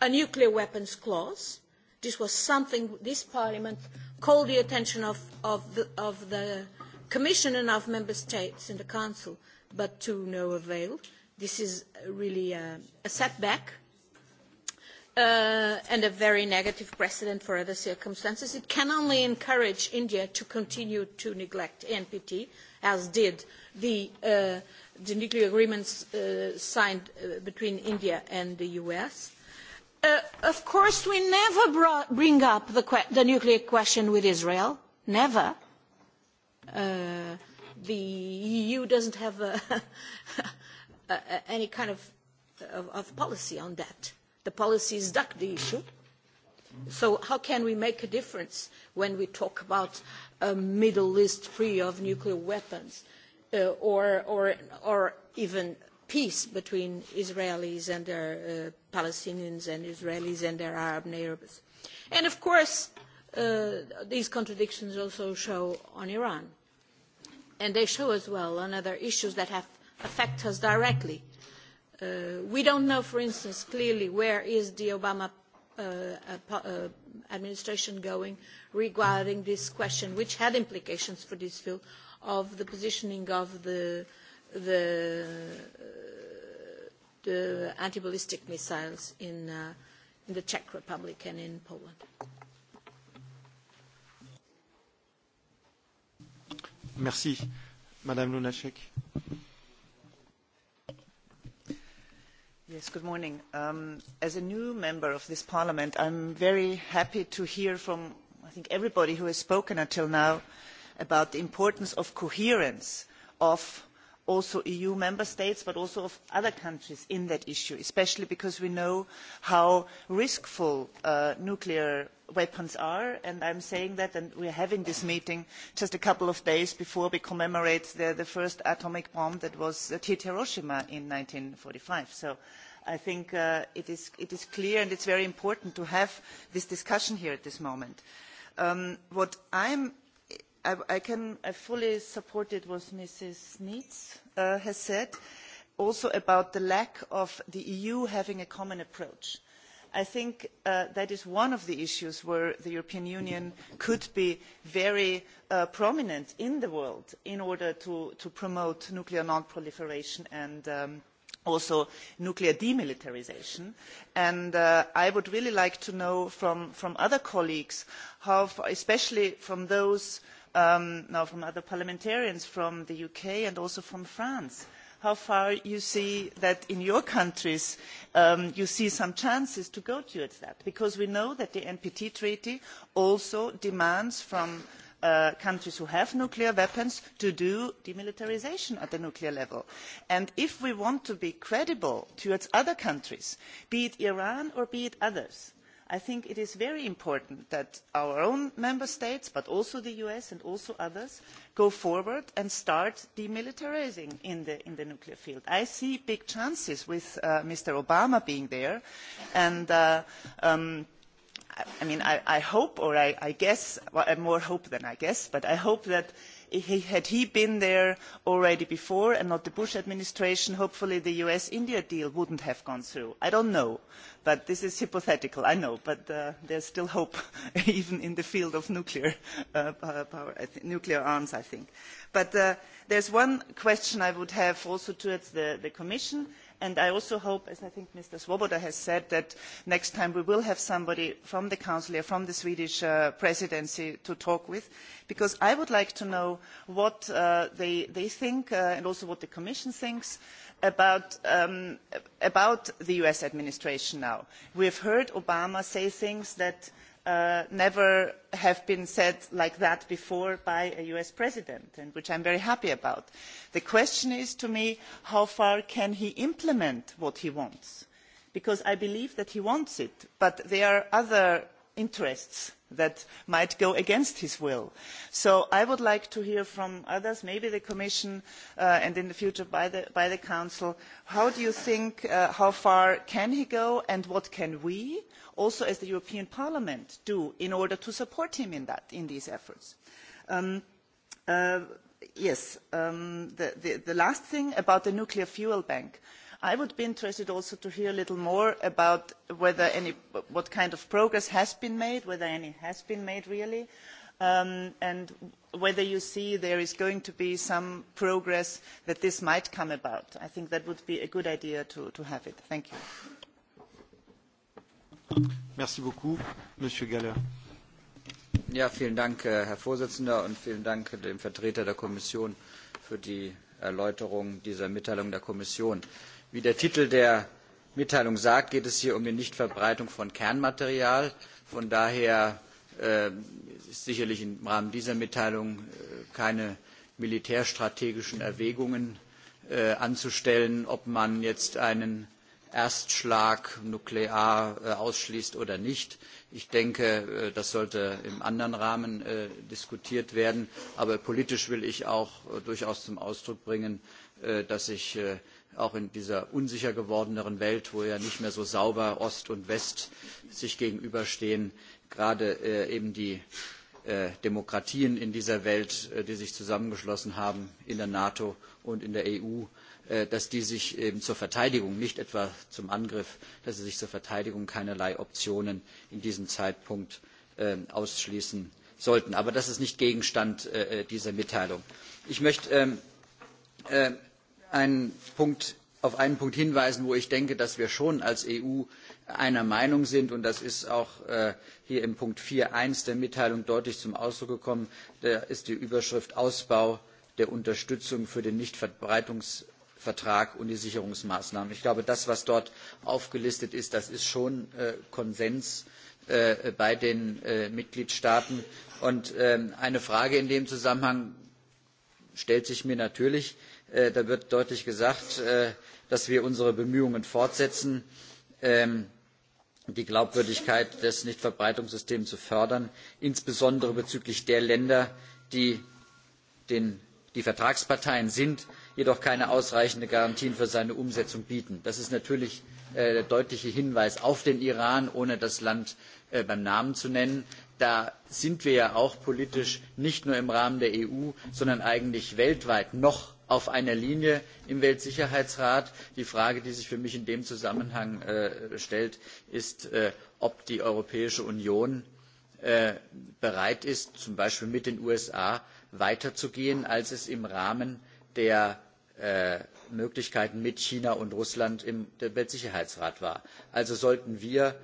Speaker 9: a nuclear weapons clause. this was something this parliament called the attention of, of, the, of the commission and of member states in the council but to no avail. this is really a, a setback uh, and a very negative precedent for other circumstances. It can only encourage India to continue to neglect NPT, as did the, uh, the nuclear agreements uh, signed uh, between India and the US. Uh, of course, we never brought, bring up the, que- the nuclear question with Israel. Never. Uh, the EU doesn't have a, a, a, any kind of, of, of policy on that the policies duck the issue. So how can we make a difference when we talk about a Middle East free of nuclear weapons uh, or, or, or even peace between Israelis and their uh, Palestinians and Israelis and their Arab neighbors? And of course, uh, these contradictions also show on Iran. And they show as well on other issues that have affect us directly uh, we don't know, for instance, clearly where is the Obama uh, uh, uh, administration going regarding this question, which had implications for this field of the positioning of the, the, uh, the anti-ballistic missiles in, uh, in the Czech Republic and in Poland.
Speaker 1: Merci, Madame Lunacek.
Speaker 10: Yes, good morning. Um, as a new member of this parliament, I'm very happy to hear from, I think, everybody who has spoken until now about the importance of coherence of also eu member states but also of other countries in that issue especially because we know how risky uh, nuclear weapons are and i am saying that and we are having this meeting just a couple of days before we commemorate the first atomic bomb that was hit hiroshima in one thousand nine hundred and forty five so i think uh, it is clear and it is very important to have this discussion here at this moment. Um, what i am i fully support what mrs neyts uh, has said also about the lack of the eu having a common approach. i think uh, that is one of the issues where the european union could be very uh, prominent in the world in order to promote nuclear non proliferation and um, also nuclear demilitarisation and i would really like to know from other colleagues especially from those um, now from other parliamentarians from the UK and also from France. How far you see that in your countries um, you see some chances to go towards that? Because we know that the NPT treaty also demands from uh, countries who have nuclear weapons to do demilitarization at the nuclear level. And if we want to be credible towards other countries, be it Iran or be it others, i think it is very important that our own member states but also the us and also others go forward and start demilitarising in the nuclear field. i see big chances with uh, mr obama being there and uh, um, i hope or i guess more hope than i guess but i hope that had he been there already before and not the bush administration hopefully the us india deal would not have gone through. i do not know but this is hypothetical i know but uh, there is still hope even in the field of nuclear uh, arms i think. but uh, there is one question i would have also towards the commission and i also hope as i think mr swoboda has said that next time we will have somebody from the council or from the swedish uh, presidency to talk with because i would like to know what uh, they think uh, and also what the commission thinks about um, the us administration now. we have heard obama say things that Uh, never have been said like that before by a us president and which i am very happy about. the question is to me how far can he implement what he wants because i believe that he wants it but there are other interests that might go against his will. so i would like to hear from others maybe the commission uh, and in the future by the council how do you think uh, how far can he go and what can we also as the european parliament do in order to support him in that in these efforts? Um, uh, yes um, the last thing about the nuclear fuel bank i would be interested also to hear a little more about what kind of progress has been made whether any has been made really um, and whether you see there is going to be some progress that this might come about. i think that would be a good idea to have it. thank you.
Speaker 11: Ja, äh, herr präsident sehr geehrter herr kommissar vielen dank dem vertreter der kommission für die erläuterung dieser mitteilung der kommission wie der titel der mitteilung sagt geht es hier um die nichtverbreitung von kernmaterial von daher äh, sind sicherlich im rahmen dieser mitteilung äh, keine militärstrategischen erwägungen äh, anzustellen ob man jetzt einen erstschlag nuklear ausschließt oder nicht. ich denke das sollte im anderen rahmen diskutiert werden. aber politisch will ich auch durchaus zum ausdruck bringen dass ich auch in dieser unsicher gewordeneren Welt, wo ja nicht mehr so sauber Ost und West sich gegenüberstehen, gerade äh, eben die äh, Demokratien in dieser Welt, äh, die sich zusammengeschlossen haben in der NATO und in der EU, äh, dass die sich eben zur Verteidigung, nicht etwa zum Angriff, dass sie sich zur Verteidigung keinerlei Optionen in diesem Zeitpunkt äh, ausschließen sollten. Aber das ist nicht Gegenstand äh, äh dieser Mitteilung. Ich möchte ähm, äh, einen Punkt, auf einen Punkt hinweisen, wo ich denke, dass wir schon als EU einer Meinung sind, und das ist auch äh, hier im Punkt 4.1 der Mitteilung deutlich zum Ausdruck gekommen, da ist die Überschrift Ausbau der Unterstützung für den Nichtverbreitungsvertrag und die Sicherungsmaßnahmen. Ich glaube, das, was dort aufgelistet ist, das ist schon äh, Konsens äh, bei den äh, Mitgliedstaaten. Und ähm, eine Frage in dem Zusammenhang stellt sich mir natürlich, Äh, da wird deutlich gesagt äh, dass wir unsere bemühungen fortsetzen ähm, die glaubwürdigkeit des nichtverbreitungssystems zu fördern insbesondere bezüglich der länder die die vertragsparteien sind jedoch keine ausreichenden garantien für seine umsetzung bieten. das ist natürlich äh, der deutliche hinweis auf den iran ohne das land beim namen zu nennen. da sind wir ja auch politisch nicht nur im rahmen der eu sondern eigentlich weltweit noch auf einer linie im weltsicherheitsrat. die frage die sich für mich in dem zusammenhang äh, stellt ist äh, ob die europäische union äh, bereit ist zum beispiel mit den usa weiter zu gehen als es im rahmen der möglichkeiten mit china und russland im weltsicherheitsrat war. also sollten wir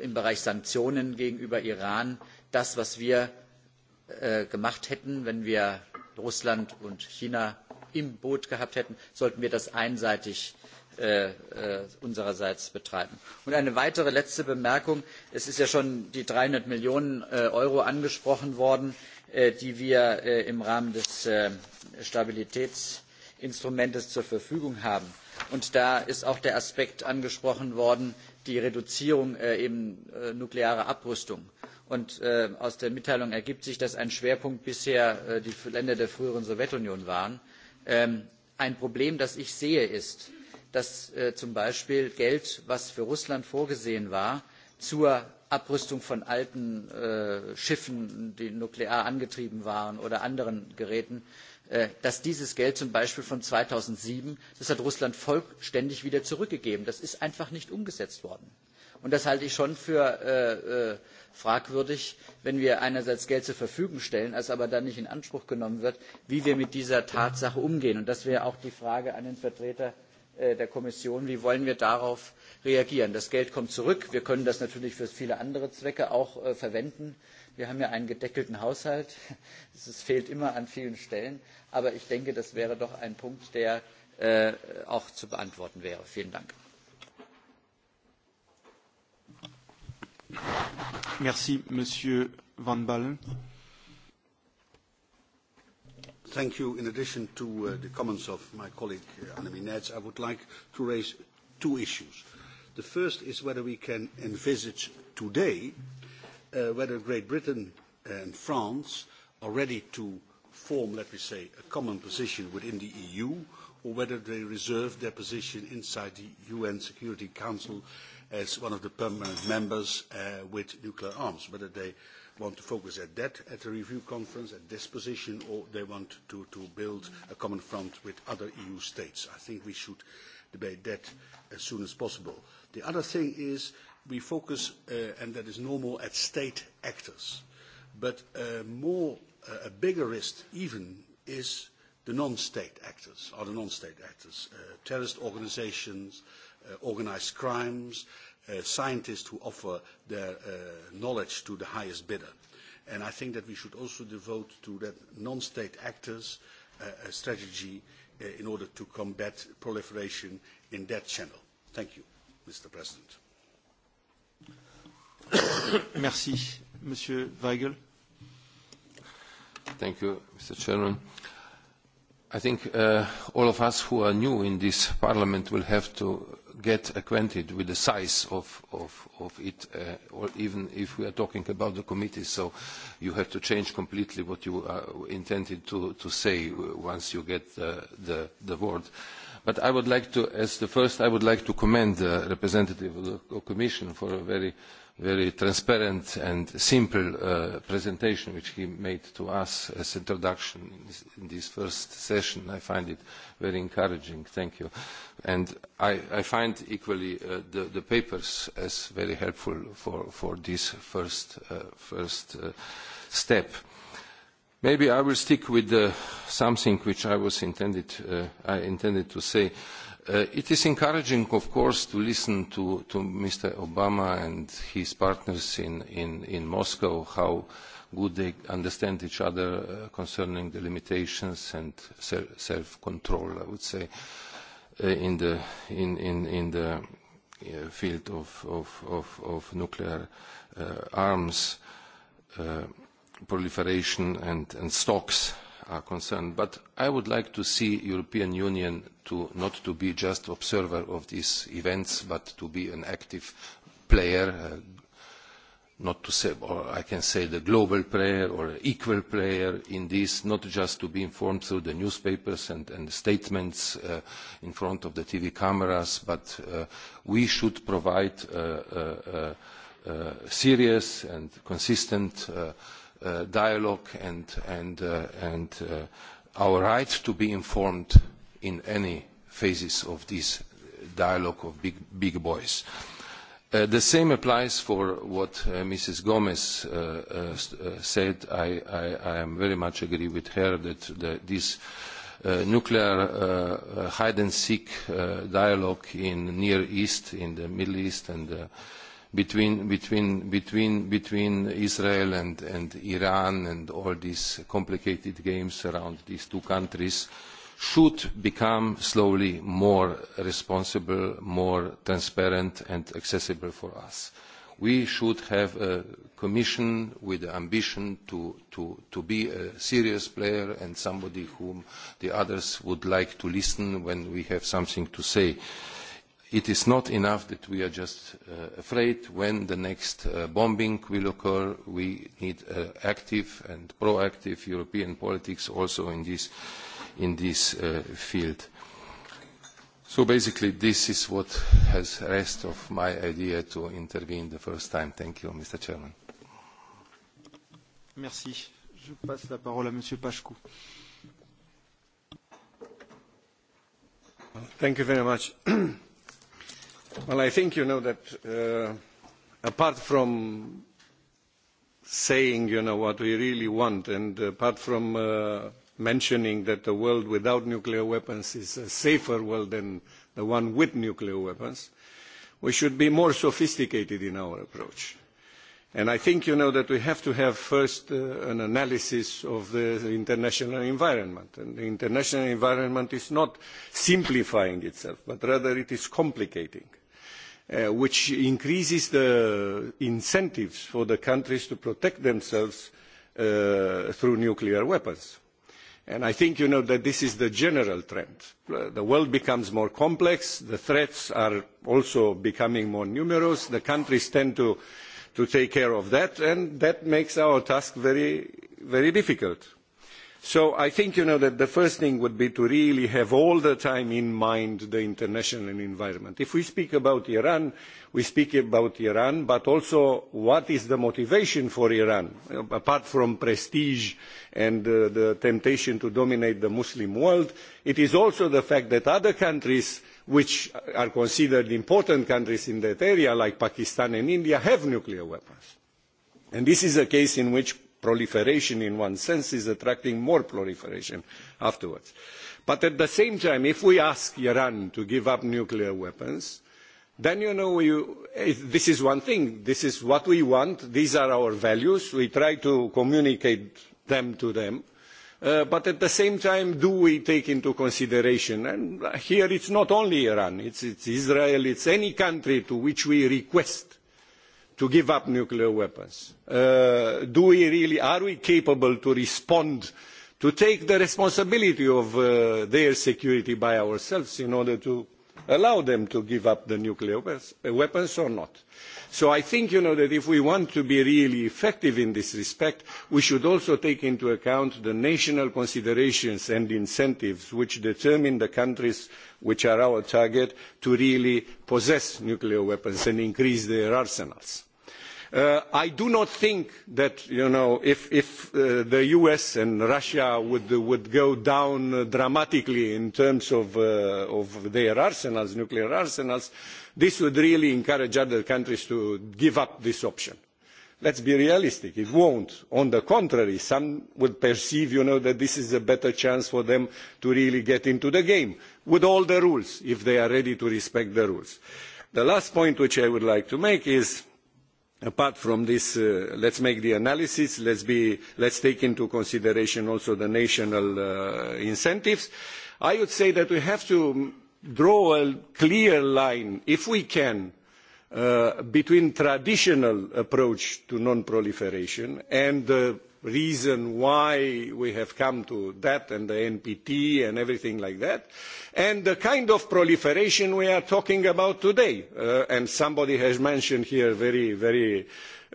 Speaker 11: im bereich sanktionen gegenüber iran das was wir gemacht hätten wenn wir russland und china im boot gehabt hätten sollten wir das einseitig äh, äh, unsererseits betreiben. und eine weitere letzte bemerkung es sind ja schon die dreihundert millionen äh, euro angesprochen worden die wir im rahmen des stabilitätsinstruments zur verfügung haben und da ist auch der aspekt angesprochen worden die Reduzierung äh, eben, äh, nuklearer Abrüstung. Und äh, aus der Mitteilung ergibt sich, dass ein Schwerpunkt bisher äh, die Länder der früheren Sowjetunion waren. Ähm, ein Problem, das ich sehe, ist, dass äh, zum Beispiel Geld, was für Russland vorgesehen war, zur Abrüstung von alten äh, Schiffen, die nuklear angetrieben waren oder anderen Geräten, äh, Äh, dass dieses geld zum beispiel von zweitausendsieben das hat russland vollständig wieder zurückgegeben das ist einfach nicht umgesetzt worden. und das halte ich schon für äh, äh, fragwürdig wenn wir einerseits geld zur verfügung stellen es aber dann nicht in anspruch genommen wird wie wir mit dieser tatsache umgehen. und das wäre auch die frage an den vertreter der kommission wie wollen wir darauf reagieren? das geld kommt zurück wir können das natürlich für viele andere zwecke auch verwenden wir haben ja einen gedeckelten haushalt es fehlt immer an vielen stellen aber ich denke, das wäre doch ein Punkt, der äh, auch zu beantworten wäre. Vielen Dank.
Speaker 1: Merci, Monsieur Van Ballen.
Speaker 12: Thank you. In addition to uh, the comments of my colleague uh, Annemie Nets, I would like to raise two issues. The first is whether we can envisage today uh, whether Great Britain and France are ready to form, let me say, a common position within the EU, or whether they reserve their position inside the UN Security Council as one of the permanent members uh, with nuclear arms, whether they want to focus at that at a review conference, at this position, or they want to, to build a common front with other EU states. I think we should debate that as soon as possible. The other thing is we focus, uh, and that is normal, at state actors. But uh, more uh, a bigger risk even is the non-state actors, or the non-state actors, uh, terrorist organizations, uh, organized crimes, uh, scientists who offer their uh, knowledge to the highest bidder. And I think that we should also devote to that non-state actors uh, a strategy uh, in order to combat proliferation in that channel. Thank you, Mr. President.
Speaker 1: Merci, Monsieur Weigel
Speaker 13: thank you, Mr. Chairman. I think uh, all of us who are new in this parliament will have to get acquainted with the size of, of, of it, uh, or even if we are talking about the committee, so you have to change completely what you uh, intended to, to say once you get the, the, the word. But I would like to, as the first, I would like to commend the representative of the Commission for a very very transparent and simple uh, presentation which he made to us as introduction in this first session. I find it very encouraging. Thank you. And I, I find equally uh, the, the papers as very helpful for, for this first, uh, first uh, step. Maybe I will stick with uh, something which I, was intended, uh, I intended to say. Uh, Uh, it is encouraging of course to listen to mr obama and his partners in moscow how well they understand each other uh, concerning the limitations and self control i would say uh, in the field of nuclear arms proliferation and stocks are concerned. But I would like to see European Union to not to be just observer of these events, but to be an active player, uh, not to say, or I can say the global player or equal player in this, not just to be informed through the newspapers and, and statements uh, in front of the TV cameras, but uh, we should provide uh, uh, uh, uh serious and consistent uh, Uh, dialogue and uh, uh, our right to be informed in any phases of this dialogue of big, big boys. Uh, the same applies for what uh, Mrs. Gomez uh, uh, said. I, I, I am very much agree with her that the, this uh, nuclear uh, hide-and-seek uh, dialogue in Near East, in the Middle East, and uh, between between between between Israel and and Iran and all these complicated games around these two countries should become slowly more responsible more transparent and accessible for us we should have a commission with the ambition to to to be a serious player and somebody whom the others would like to listen when we have something to say uh, it is not enough that we are just uh, afraid of when the next uh, bombing will occur we need an uh, active and proactive european politics also in this field. so basically this is what has rest of my idea to intervene the first time. thank you mr chairman.
Speaker 14: thank you very much. i think you know that uh, apart from saying what we really want and apart from uh, mentioning that a world without nuclear weapons is a safer world than the one with nuclear weapons we should be more sophisticated in our approach. i think you know that we have to have first uh, an analysis of the international environment and the international environment is not simplifying itself but rather it is complicating. Uh, which increases the incentives for the countries to protect themselves uh, through nuclear weapons. And I think you know that this is the general trend. Uh, the world becomes more complex, the threats are also becoming more numerous, the countries tend to, to take care of that, and that makes our task very, very difficult so i think you know that the first thing would be to really have all the time in mind the international environment if we speak about iran we speak about iran but also what is the motivation for iran apart from prestige and uh, the temptation to dominate the muslim world it is also the fact that other countries which are considered important countries in that area like pakistan and india have nuclear weapons and this is a case in which proliferation in one sense is attracting more proliferation afterwards. But at the same time, if we ask Iran to give up nuclear weapons, then you know you, this is one thing. This is what we want. These are our values. We try to communicate them to them. Uh, but at the same time, do we take into consideration, and here it's not only Iran, it's, it's Israel, it's any country to which we request uh, to give up nuclear weapons? Uh, do we really, are we capable to respond, to take the responsibility of uh, their security by ourselves in order to allow them to give up the nuclear uh, weapons or not? So I think you know, that if we want to be really effective in this respect, we should also take into account the national considerations and incentives which determine the countries which are our target to really possess nuclear weapons and increase their arsenals. Uh, I do not think that, you know, if, if uh, the US and Russia would, would go down uh, dramatically in terms of, uh, of their arsenals, nuclear arsenals, this would really encourage other countries to give up this option. Let's be realistic, it won't. On the contrary, some would perceive, you know, that this is a better chance for them to really get into the game, with all the rules, if they are ready to respect the rules. The last point which I would like to make is, apart from this uh, let us make the analysis let us take into consideration also the national uh, incentives. i would say that we have to draw a clear line if we can uh, between the traditional approach to non proliferation and reason why we have come to that and the NPT and everything like that, and the kind of proliferation we are talking about today. Uh, and somebody has mentioned here very, very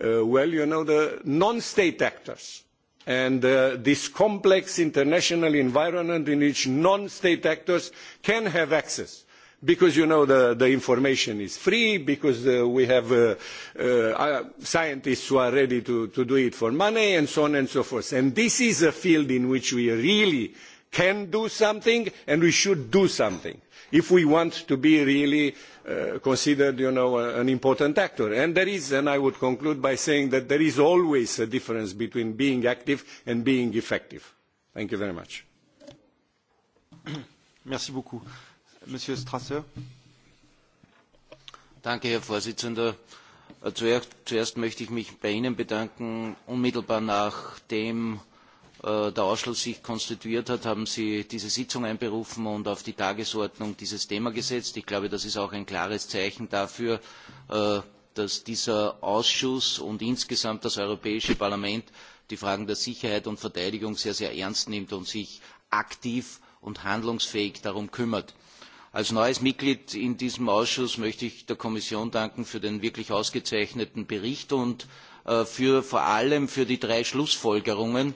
Speaker 14: uh, well, you know, the non-state actors and uh, this complex international environment in which non-state actors can have access because you know the, the information is free, because uh, we have uh, uh, uh, scientists who are ready to, to do it for money, and so on and so forth. And this is a field in which we really can do something, and we should do something if we want to be really uh, considered you know, uh, an important actor. And there is, and I would conclude by saying that there is always a difference between being active and being effective. Thank you very much.
Speaker 1: Merci beaucoup herr
Speaker 15: präsident! Äh, zuerst möchte ich mich bei ihnen bedanken. unmittelbar nachdem äh, der ausschuss sich konstituiert hat haben sie diese sitzung einberufen und auf die tagesordnung dieses thema gesetzt. ich glaube das ist auch ein klares zeichen dafür äh, dass dieser ausschuss und insgesamt das europäische parlament die fragen der sicherheit und verteidigung sehr ernst nehmen und sich aktiv und handlungsfähig darum kümmern. Als neues Mitglied in diesem Ausschuss möchte ich der Kommission danken für den wirklich ausgezeichneten Bericht und äh, für, vor allem für die drei Schlussfolgerungen,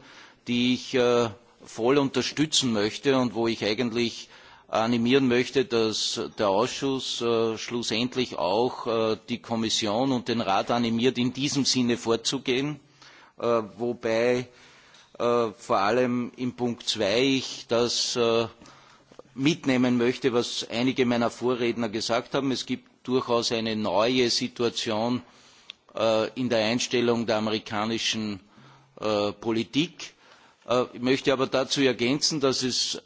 Speaker 15: die ich äh, voll unterstützen möchte und wo ich eigentlich animieren möchte, dass der Ausschuss äh, schlussendlich auch die Kommission und den Rat animiert, in diesem Sinne vorzugehen, wobei vor allem in Punkt 2 ich das äh, mitnehmen möchte was einige meiner vorredner gesagt haben es gibt durchaus eine neue situation äh, in der einstellung der amerikanischen äh, politik. Äh, ich möchte aber dazu ergänzen dass es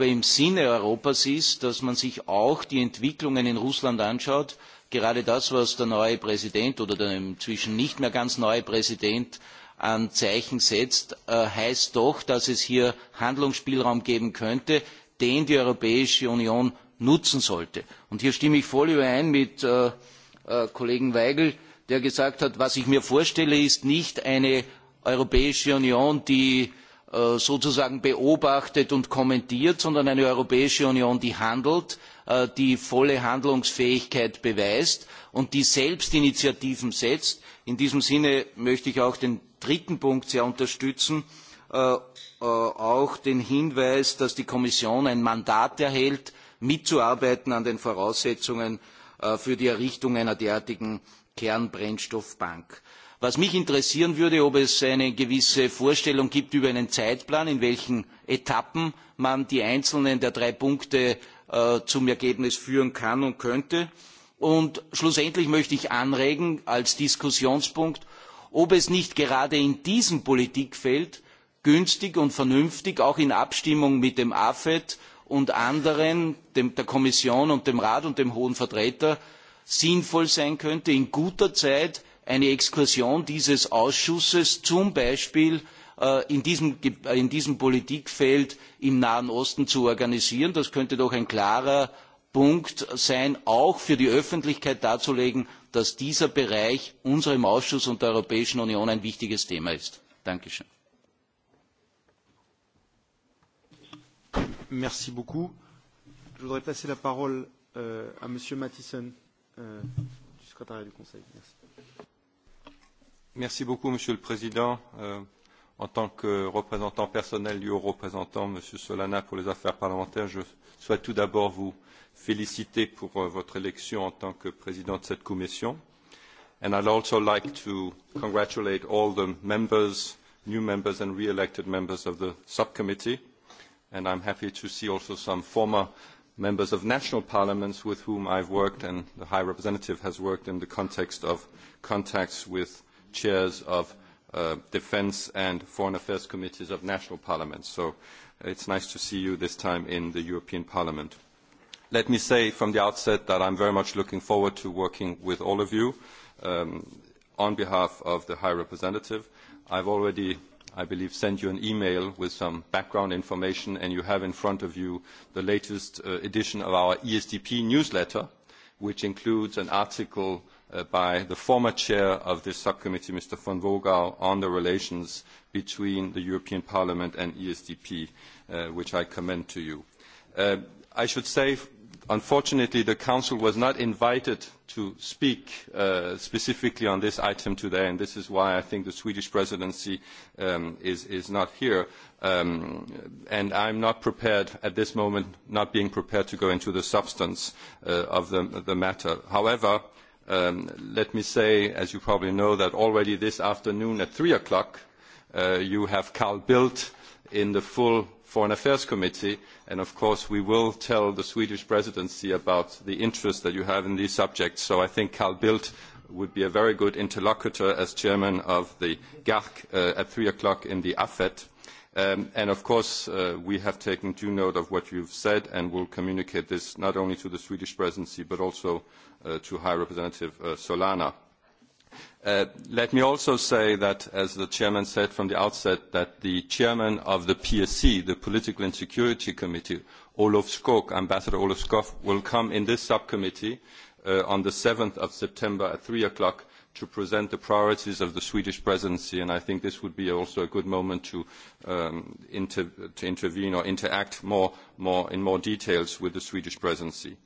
Speaker 15: im sinne europas ist dass man sich auch die entwicklungen in russland anschaut gerade das was der neue präsident oder der inzwischen nicht mehr ganz neue präsident an zeichen setzt heißt doch dass es hier handlungsspielraum geben könnte den die europäische union nutzen sollte. hier stimme ich voll überein mit äh, äh, kollegen vajgl der gesagt hat was ich mir vorstelle ist nicht eine europäische union die äh, sozusagen beobachtet und kommentiert sondern eine europäische union die handelt die volle handlungsfähigkeit beweist und die selbst initiativen setzt. in diesem sinne möchte ich auch den dritten punkt sehr unterstützen Äh, auch den Hinweis, dass die Kommission ein Mandat erhält, mitzuarbeiten an den Voraussetzungen äh, für die Errichtung einer derartigen Kernbrennstoffbank. Was mich interessieren würde, ob es eine gewisse Vorstellung gibt über einen Zeitplan, in welchen Etappen man die einzelnen der drei Punkte äh, zum Ergebnis führen kann und könnte. Und schlussendlich möchte ich anregen als Diskussionspunkt, ob es nicht gerade in diesem Politikfeld günstig und vernünftig auch in abstimmung mit dem afet und anderen der kommission und dem rat und dem hohen vertreter sinnvoll sein könnte in guter zeit eine exkursion dieses ausschusses zum beispiel äh, äh, in diesem politikfeld im nahen osten zu organisieren. das könnte doch ein klarer punkt sein auch für die öffentlichkeit darzulegen dass dieser bereich unserem ausschuss und der europäischen union ein wichtiges thema ist. danke.
Speaker 1: merci beaucoup. Je voudrais passer la parole euh, à Monsieur Mathison, euh, du secrétariat du Conseil. Merci.
Speaker 16: Merci beaucoup, Monsieur le Président. Euh, en tant que représentant personnel du haut représentant, Monsieur Solana, pour les affaires parlementaires, je souhaite tout d'abord vous féliciter pour euh, votre élection en tant que président de cette commission. And I'd also like to congratulate all the members, new members and re-elected members of the subcommittee and I'm happy to see also some former members of national parliaments with whom I've worked and the High Representative has worked in the context of contacts with chairs of uh, defense and foreign affairs committees of national parliaments. So it's nice to see you this time in the European Parliament. Let me say from the outset that I'm very much looking forward to working with all of you um, on behalf of the High Representative. I've already I believe, sent you an email with some background information, and you have in front of you the latest uh, edition of our ESDP newsletter, which includes an article uh, by the former chair of this subcommittee, Mr. von Vogel, on the relations between the European Parliament and ESDP, uh, which I commend to you. Uh, I should say unfortunately the council was not invited to speak uh, specifically on this item today and this is why i think the swedish presidency um, is not here um, and i am not prepared at this moment not being prepared to go into the substance uh, of the matter. however um, let me say as you probably know that already this afternoon at three o'clock uh, you have carl bildt in the full foreign affairs committee and of course we will tell the swedish presidency about the interest that you have in these subjects so i think carl bildt would be a very good interlocutor as chairman of the GARC uh, at 3 o'clock in the AFET. Um, and of course, uh, we have taken due note of what you've said and will communicate this not only to the Swedish presidency but also uh, to High Representative uh, Solana. Uh, let me also say that, as the chairman said from the outset, that the chairman of the PSC, the Political and Security Committee, Olof Skog, Ambassador Olof Skog, will come in this subcommittee uh, on the 7th of September at 3:00 P.M. to present the priorities of the Swedish presidency, and I think this would be also a good moment to um, intervene or interact more in more details with the Swedish presidency.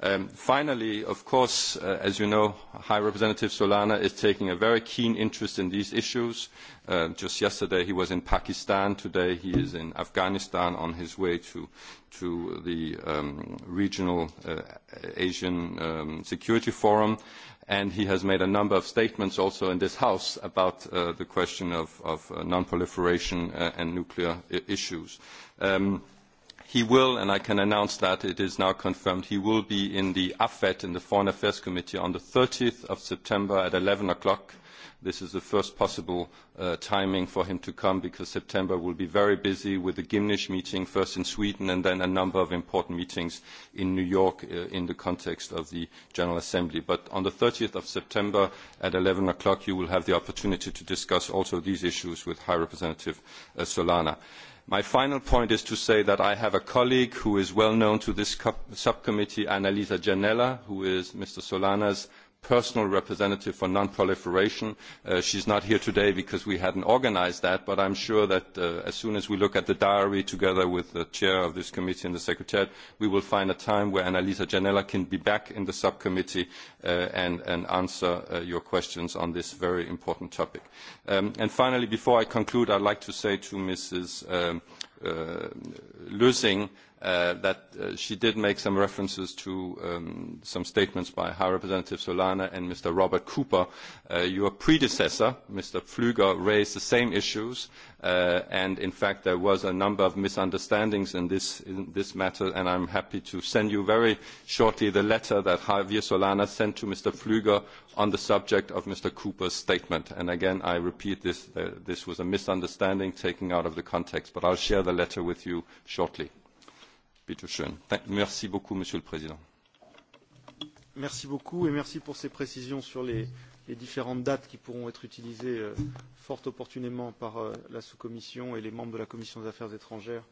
Speaker 16: Um, finally of course uh, as you know high representative solana is taking a very keen interest in these issues um, just yesterday he was in pakistan today he is in afghanistan on his way to to the um, regional uh, asian um, security forum and he has made a number of statements also in this house about uh, the question of, of uh, non-proliferation uh, and nuclear I uh, issues. Um, he will and i can announce that it is now confirmed he will be in the afet in the foreign affairs committee on thirty september at eleven o'clock. this is the first possible uh, timing for him to come because september will be very busy with the gymnich meeting first in sweden and then a number of important meetings in new york uh, in the context of the general assembly. but on thirty september at eleven o'clock you will have the opportunity to discuss also these issues with high representative uh, solana my final point is to say that i have a colleague who is well known to this subcommittee anna lisa janella who is mr solana's personal representative for non-proliferation. Uh, she's not here today because we hadn't organized that, but I'm sure that uh, as soon as we look at the diary together with the chair of this committee and the secretariat, we will find a time where Annalisa Janella can be back in the subcommittee uh, and, and answer uh, your questions on this very important topic. Um, and finally, before I conclude, I'd like to say to Mrs. Um, uh, Lusing, Uh, that uh, she did make some references to um, some statements by High Representative Solana and Mr. Robert Cooper. Uh, your predecessor, Mr. Pfluger, raised the same issues, uh, and in fact there was a number of misunderstandings in this, in this matter, and I'm happy to send you very shortly the letter that Javier Solana sent to Mr. Pfluger on the subject of Mr. Cooper's statement. And again, I repeat this, uh, this was a misunderstanding taken out of the context, but I'll share the letter with you shortly merci beaucoup monsieur le président
Speaker 1: merci beaucoup et merci pour ces précisions sur les, les différentes dates qui pourront être utilisées euh, fort opportunément par euh, la sous commission et les membres de la commission des affaires étrangères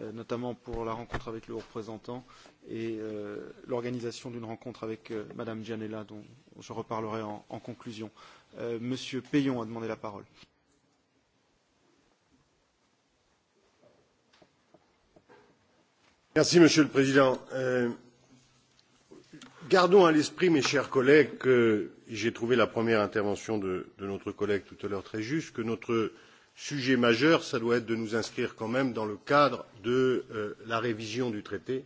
Speaker 1: euh, notamment pour la rencontre avec le haut représentant et euh, l'organisation d'une rencontre avec euh, madame Gianella dont je reparlerai en, en conclusion euh, monsieur Payon a demandé la parole
Speaker 17: monsieur le président euh, gardons à l'esprit mes chers collègues j'ai trouvé la première intervention de notre collègue tout à l'heure très juste que notre sujet majeur doit être de nous inscrire quand même dans le cadre de euh, la révision du traité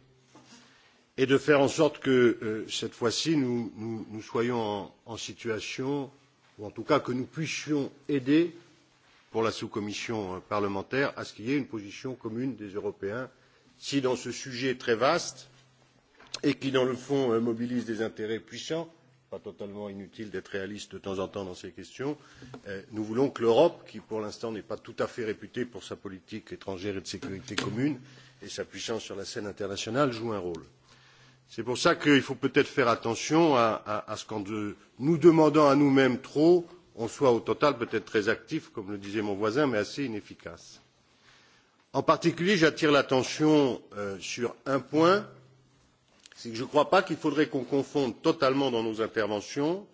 Speaker 17: et de faire en sorte que euh, cette fois ci nous soyons en situation ou en tout cas que nous puissions aider pour la sous commission parlementaire à ce qu'il y ait une position commune des européens si dans ce sujet très vaste et qui dans le fond euh, mobilise des intérêts puissants pas totalement inutile d'être réaliste de temps en temps dans ces questions euh, nous voulons que l'europe qui pour l'instant n'est pas tout à fait réputée pour sa politique étrangère et de sécurité commune et sa puissance sur la scène internationale joue un rôle. c'est pour cela qu'il faut peut être faire attention à, à, à ce qu'en de, nous demandant à nous mêmes trop on soit au total peut être très actif comme le disait mon voisin mais assez inefficace en particulier j'attire l'attention euh, sur un point c'est que je ne crois pas qu'il faille confondre totalement dans nos interventions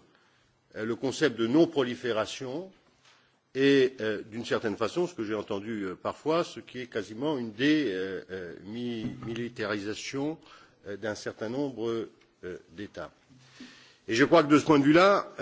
Speaker 17: euh, le concept de non prolifération et euh, d'une certaine façon ce que j'ai entendu parfois ce qui est quasiment une démilitarisation d'un certain nombre d'états. je crois que de ce point de vue là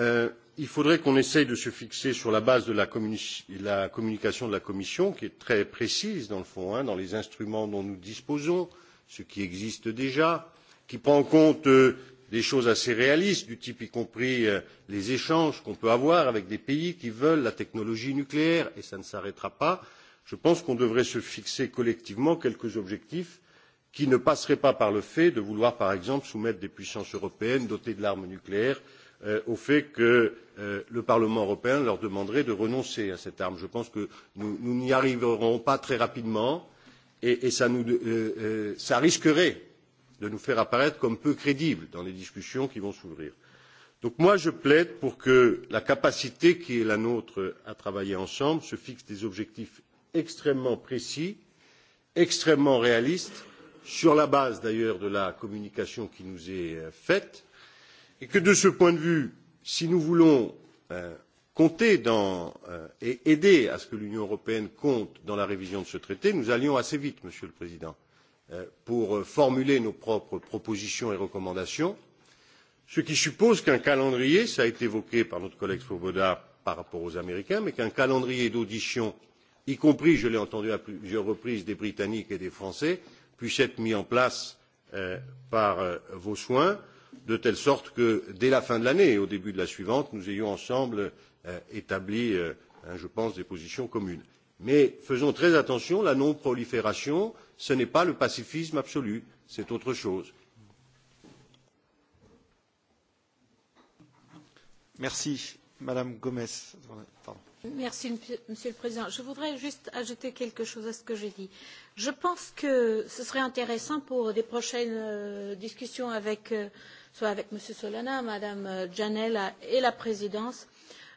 Speaker 17: il faudrait qu'on essaie de se fixer sur la base de la communication de la commission qui est très précise dans le fond dans les instruments dont nous disposons ce qui existe déjà qui prend en compte euh, des choses assez réalistes du type y compris euh, les échanges qu'on peut avoir avec des pays qui veulent la technologie nucléaire et ça ne s'arrêtera pas je pense qu'on devrait se fixer collectivement quelques objectifs qui ne passeraient pas par le fait de vouloir par exemple soumettre des puissances européennes dotées de l'arme nucléaire euh, au fait que Euh, le parlement européen leur demanderait de renoncer à cette arme. je pense que nous n'y arriverons pas très rapidement et cela euh, euh, risquerait de nous faire apparaître comme peu crédibles dans les discussions qui vont s'ouvrir. donc je plaide pour que la capacité qui est la nôtre à travailler ensemble se fixe des objectifs extrêmement précis extrêmement réalistes sur la base d'ailleurs de la communication qui nous est faite et que de ce point de vue si nous voulons euh, compter euh, et aider à ce que l'union européenne compte dans la révision de ce traité nous allions assez vite monsieur le président euh, pour formuler nos propres propositions et recommandations ce qui suppose qu'un calendrier cela a été évoqué par notre collègue swoboda par rapport aux américains mais qu'un calendrier d'audition y compris je l'ai entendu à plusieurs reprises des britanniques et des français puisse être mis en place par vos soins de telle sorte que dès la fin de l'année et au début de la suivante nous ayons ensemble euh, établi euh, je pense des positions communes. mais faisons très attention la non prolifération ce n'est pas le pacifisme absolu c'est autre chose.
Speaker 1: monsieur
Speaker 9: le président je voudrais juste ajouter quelque chose à ce que j'ai dit. je pense que ce serait intéressant pour les prochaines euh, discussions avec soit avec m. solana mme euh, gianella et la présidence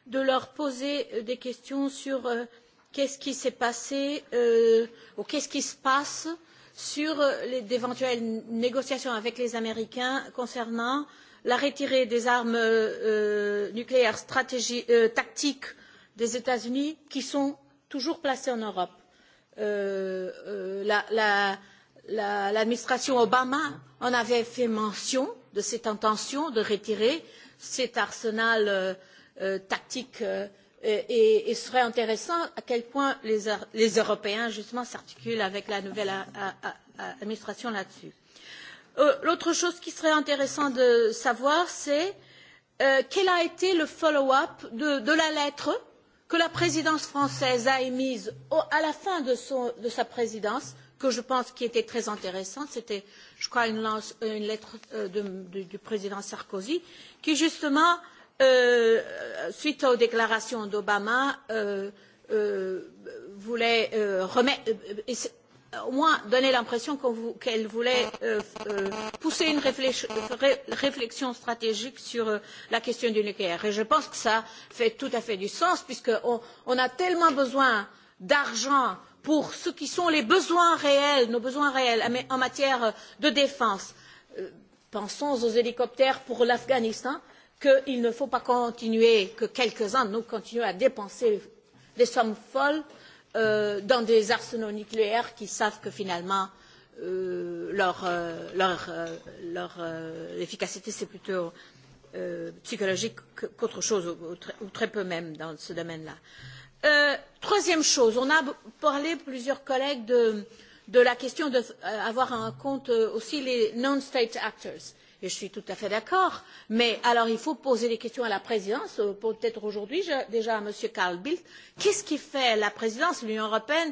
Speaker 9: de leur poser euh, des questions sur euh, qu'est ce qui s'est passé euh, ou qu'est ce qui se passe sur d'éventuelles négociations avec les américains concernant la retirée des armes euh, nucléaires stratégie, euh, tactiques des états unis qui sont toujours placées en europe. Euh, euh, l'administration la, la, la, obama en avait fait mention euh, de cette intention de retirer cet arsenal euh, euh, tactique euh, et il serait intéressant à quel point les, les Européens justement s'articulent avec la nouvelle a, a, a, administration là-dessus. Euh, L'autre chose qui serait intéressant de savoir, c'est euh, quel a été le follow-up de, de la lettre que la présidence française a émise au, à la fin de, son, de sa présidence que je pense qui était très intéressante, c'était, je crois, une, lance, une lettre euh, de, de, du président Sarkozy, qui justement, euh, suite aux déclarations d'Obama, euh, euh, voulait euh, remettre, euh, et au moins donner l'impression qu'elle qu voulait euh, euh, pousser une réflexion, réflexion stratégique sur euh, la question du nucléaire. Et je pense que ça fait tout à fait du sens, puisqu'on on a tellement besoin d'argent pour ce qui sont les besoins réels nos besoins réels en matière de défense euh, pensons aux hélicoptères pour l'afghanistan qu'il ne faut pas continuer que quelques uns nous continuent à dépenser des sommes folles euh, dans des arsenaux nucléaires qui savent que finalement euh, leur, euh, leur, euh, leur euh, efficacité c'est plutôt euh, psychologique qu'autre chose ou, ou, très, ou très peu même dans ce domaine là. Euh, Euh, troisième chose on a parlé plusieurs collègues de, de la question d'avoir euh, en compte euh, aussi les non state actors et je suis tout à fait d'accord mais alors il faut poser des questions à la présidence peut être aujourd'hui déjà à m. karl bildt qu'est ce qui fait la présidence l'union européenne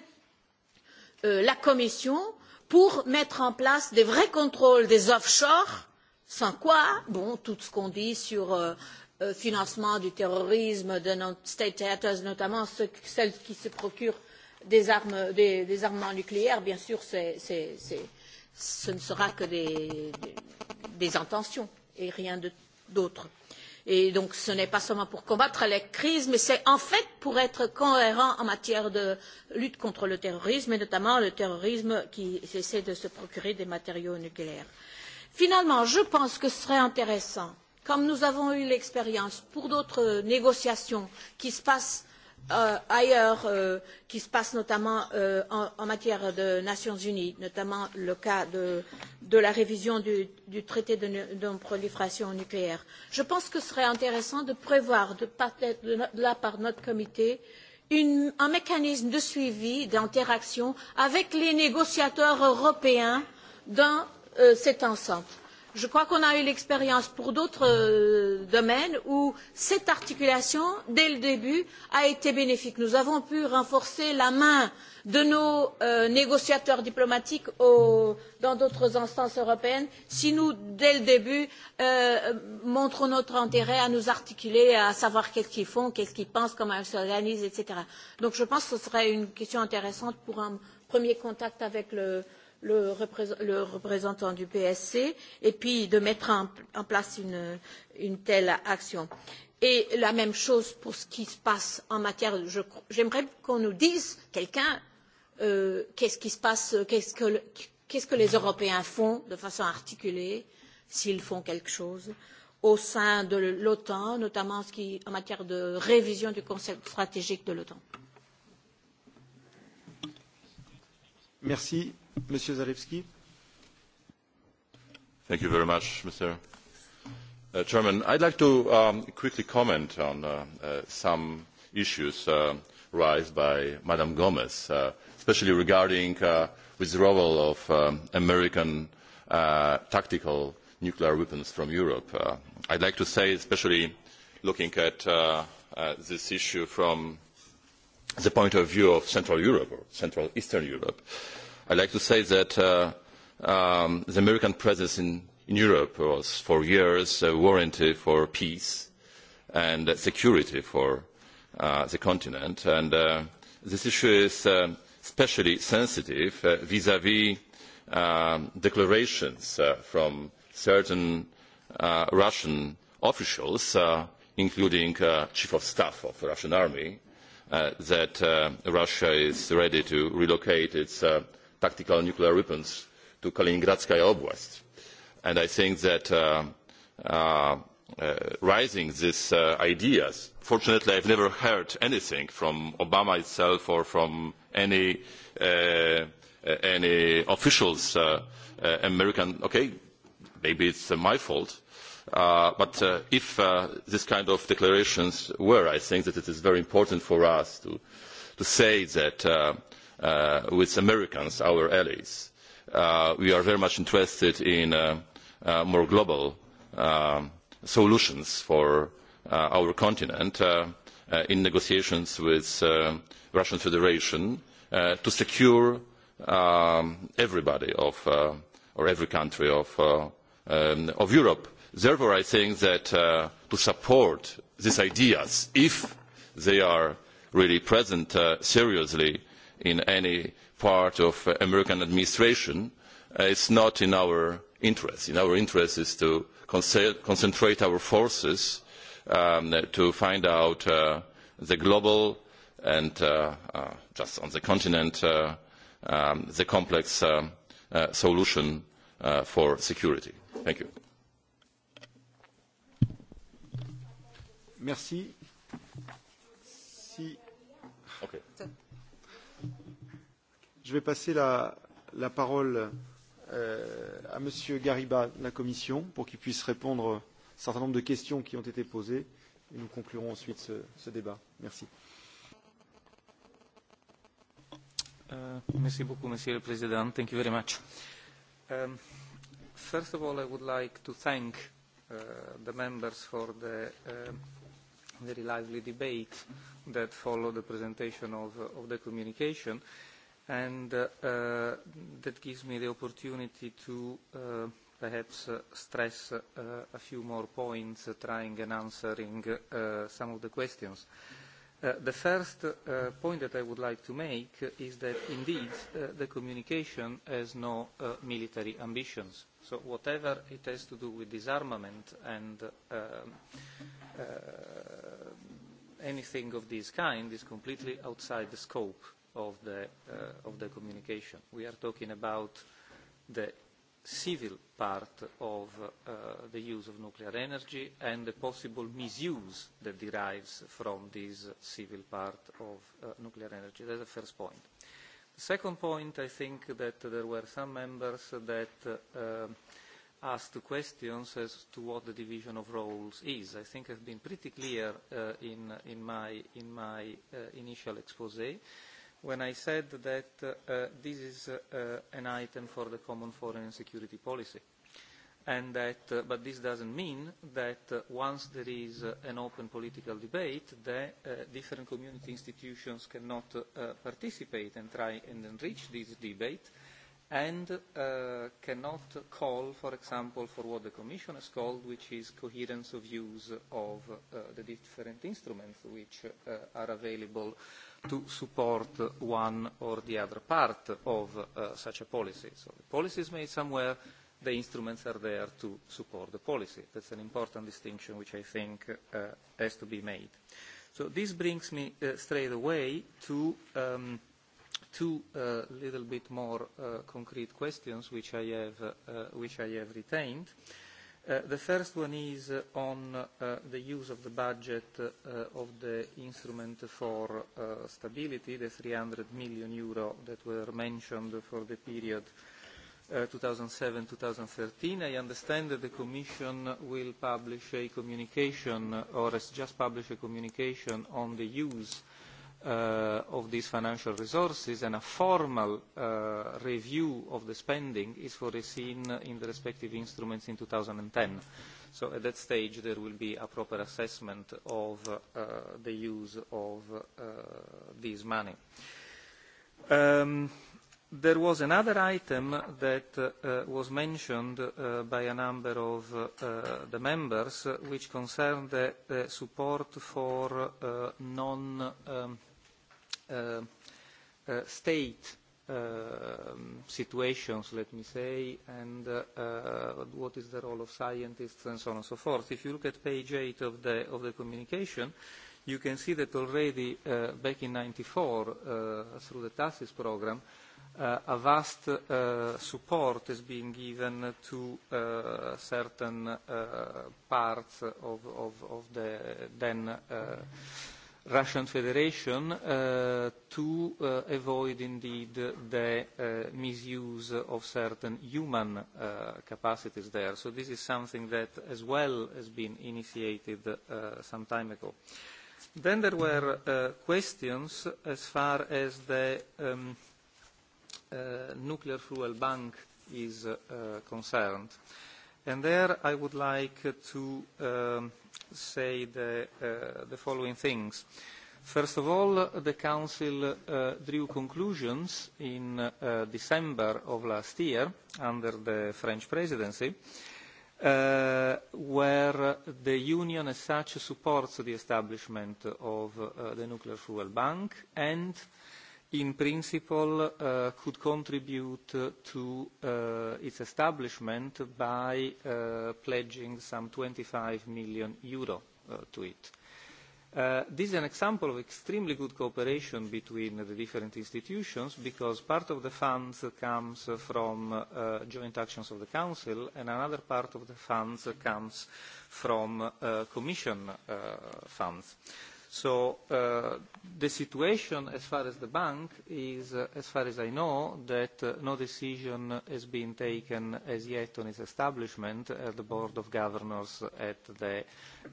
Speaker 9: euh, la commission pour mettre en place des vrais contrôles des offshore sans quoi bon tout ce qu'on dit sur euh, Euh, financement du terrorisme de nos state actors notamment ceux, celles qui se procurent des armes, des, des armements nucléaires, bien sûr, c'est, c'est, c'est, ce ne sera que des, des, des intentions et rien de, d'autre. Et donc, ce n'est pas seulement pour combattre les crises, mais c'est en fait pour être cohérent en matière de lutte contre le terrorisme, et notamment le terrorisme qui essaie de se procurer des matériaux nucléaires. Finalement, je pense que ce serait intéressant comme nous avons eu l'expérience pour d'autres négociations qui se passent euh, ailleurs, euh, qui se passent notamment euh, en, en matière de Nations Unies, notamment le cas de, de la révision du, du traité de, de prolifération nucléaire. Je pense que ce serait intéressant de prévoir, de, de, no-, de, de là par notre comité, une, un mécanisme de suivi, d'interaction avec les négociateurs européens dans euh, cet ensemble je crois qu'on a eu l'expérience pour d'autres euh, domaines où cette articulation dès le début a été bénéfique. nous avons pu renforcer la main de nos euh, négociateurs diplomatiques dans d'autres instances européennes si nous dès le début euh, montrons notre intérêt à nous articuler à savoir ce qu'ils font ce qu'ils pensent comment ils s'organisent etc. donc je pense que ce serait une question intéressante pour un premier contact avec le le, le représentant du PSC et puis de mettre en, en place une, une telle action. Et la même chose pour ce qui se passe en matière. J'aimerais qu'on nous dise, quelqu'un, euh, qu'est-ce qui se passe, qu qu'est-ce qu que les Européens font de façon articulée, s'ils font quelque chose au sein de l'OTAN, notamment ce qui, en matière de révision du concept stratégique de l'OTAN.
Speaker 1: Merci. Euh, mr president
Speaker 18: i would like to um, quickly comment on uh, uh, some issues uh, raised by ms gomes especially regarding the withdrawal of um, american tactical nuclear weapons from europe. i would like to say especially looking at this issue from the point of view of central europe or central eastern europe I like to say that uh, um, the American presence in, in Europe was for years a uh, warranty for peace and security for uh, the continent. And uh, this issue is uh, especially sensitive uh, vis-à-vis uh, -vis, um, declarations uh, from certain uh, Russian officials, uh, including uh, chief of staff of the Russian army, uh, that uh, Russia is ready to relocate its uh, tactical nuclear weapons to Kaliningradskaya Oblast. And I think that uh, uh, uh, rising these uh, ideas, fortunately I've never heard anything from Obama itself or from any, uh, any officials, uh, uh, American, okay, maybe it's uh, my fault, uh, but uh, if uh, this kind of declarations were, I think that it is very important for us to, to say that uh, uh, with Americans, our allies. Uh, we are very much interested in uh, uh, more global uh, solutions for uh, our continent uh, uh, in negotiations with uh, Russian Federation uh, to secure um, everybody of, uh, or every country of, uh, um, of Europe. Therefore, I think that uh, to support these ideas, if they are really present uh, seriously, in any part of the uh, american administration uh, is not in our interest. our interest is to concentrate our forces um, to find out uh, the global and just on the continent um, the complex solution for security. thank you.
Speaker 1: je vais passer la, la parole euh, à Monsieur Gariba de la Commission pour qu'il puisse répondre à un certain nombre de questions qui ont été posées et nous conclurons ensuite ce, ce débat. Merci.
Speaker 3: Uh, merci beaucoup, Monsieur le Président. Thank you very much. Um, first of all, I would like to thank uh, the members for the uh, very lively debate that followed the presentation of, uh, of the communication. Uh, and uh, uh, that gives me the opportunity to uh, perhaps uh, stress uh, a few more points uh, trying and answering uh, some of the questions. Uh, the first uh, point that I would like to make is that indeed uh, the communication has no uh, military ambitions. So whatever it has to do with disarmament and uh, um, uh, anything of this kind is completely outside the scope of the, uh, of the communication. We are talking about the civil part of uh, the use of nuclear energy and the possible misuse that derives from this civil part of uh, nuclear energy. That's the first point. The second point, I think that there were some members that uh, asked questions as to what the division of roles is. I think I've been pretty clear uh, in, in my, in my uh, initial expose. Uh, when I said that uh, this is uh, uh, an item for the common foreign and security policy. And that, uh, but this doesn't mean that uh, once there is uh, an open political debate, the uh, different community institutions cannot uh, participate and try and enrich this debate and uh, cannot call, for example, for what the Commission has called, which is coherence of views of uh, the different instruments which uh, are available uh, to support one or the other part of uh, such a policy. So the policy is made somewhere, the instruments are there to support the policy. That's an important distinction which I think uh, has to be made. So this brings me uh, straight away to um, two uh, little bit more uh, concrete questions which I have, uh, which I have retained. Uh, Uh, the first one is uh, on uh, the use of the budget of the instrument for stability, the 300 million euro that were mentioned for the period 2007-2013. I understand that the commission will publish a communication, or has just published a communication on the use Uh, of these financial resources and a formal uh, review of the spending is foreseen in the respective instruments in. two thousand and ten so at that stage there will be a proper assessment of uh, the use of this money. Um, there was another item that was mentioned by a number of the members which concerned support for non um, uh, uh, state uh, situations, let me say, and uh, uh, what is the role of scientists and so on and so forth. If you look at page 8 of the, of the communication, you can see that already uh, back in 94, uh, through the TASIS program, uh, a vast uh, support has been given to uh, certain uh, parts of, of, of the then uh, Russian Federation uh, to uh, avoid indeed the uh, misuse of certain human uh, capacities there. So this is something that as well has been initiated uh, some time ago. Then there were uh, questions as far as the um, uh, nuclear fuel bank is uh, concerned. Uh, And there I would like to um, say the, uh, the following things. First of all, the Council uh, drew conclusions in uh, December of last year under the French presidency uh, where the Union as such supports the establishment of uh, the Nuclear Fuel Bank and uh, in principle uh, could contribute uh, to uh, its establishment by uh, pledging some 25 million euro uh, to it. Uh, this is an example of extremely good cooperation between the different institutions because part of the funds comes from uh, joint actions of the Council and another part of the funds comes from uh, Commission uh, funds. Uh, Uh, the situation as far as the bank is, uh, as far as I know, that uh, no decision has been taken as yet on its establishment at the Board of Governors at the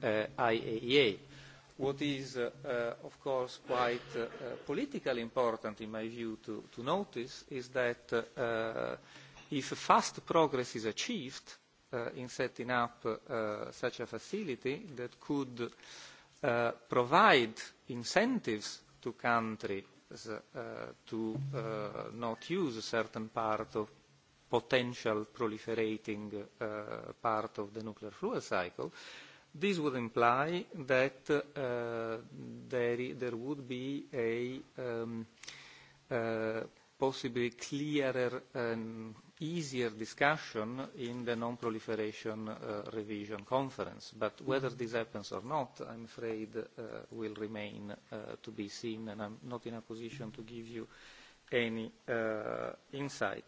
Speaker 3: IAEA. E What is, of course, quite politically important in my view to notice is that if fast progress is achieved in setting up such a facility that Uh, provide incentives to countries uh, to uh, not use a certain part of potential proliferating uh, part of the nuclear fuel cycle, this would imply that uh, there, there would be a um, uh, possibly clearer um, easier discussion in the non-proliferation uh, revision conference. But whether mm-hmm. this happens or not, I'm afraid, uh, will remain uh, to be seen, and I'm not in a position to give you any uh, insight.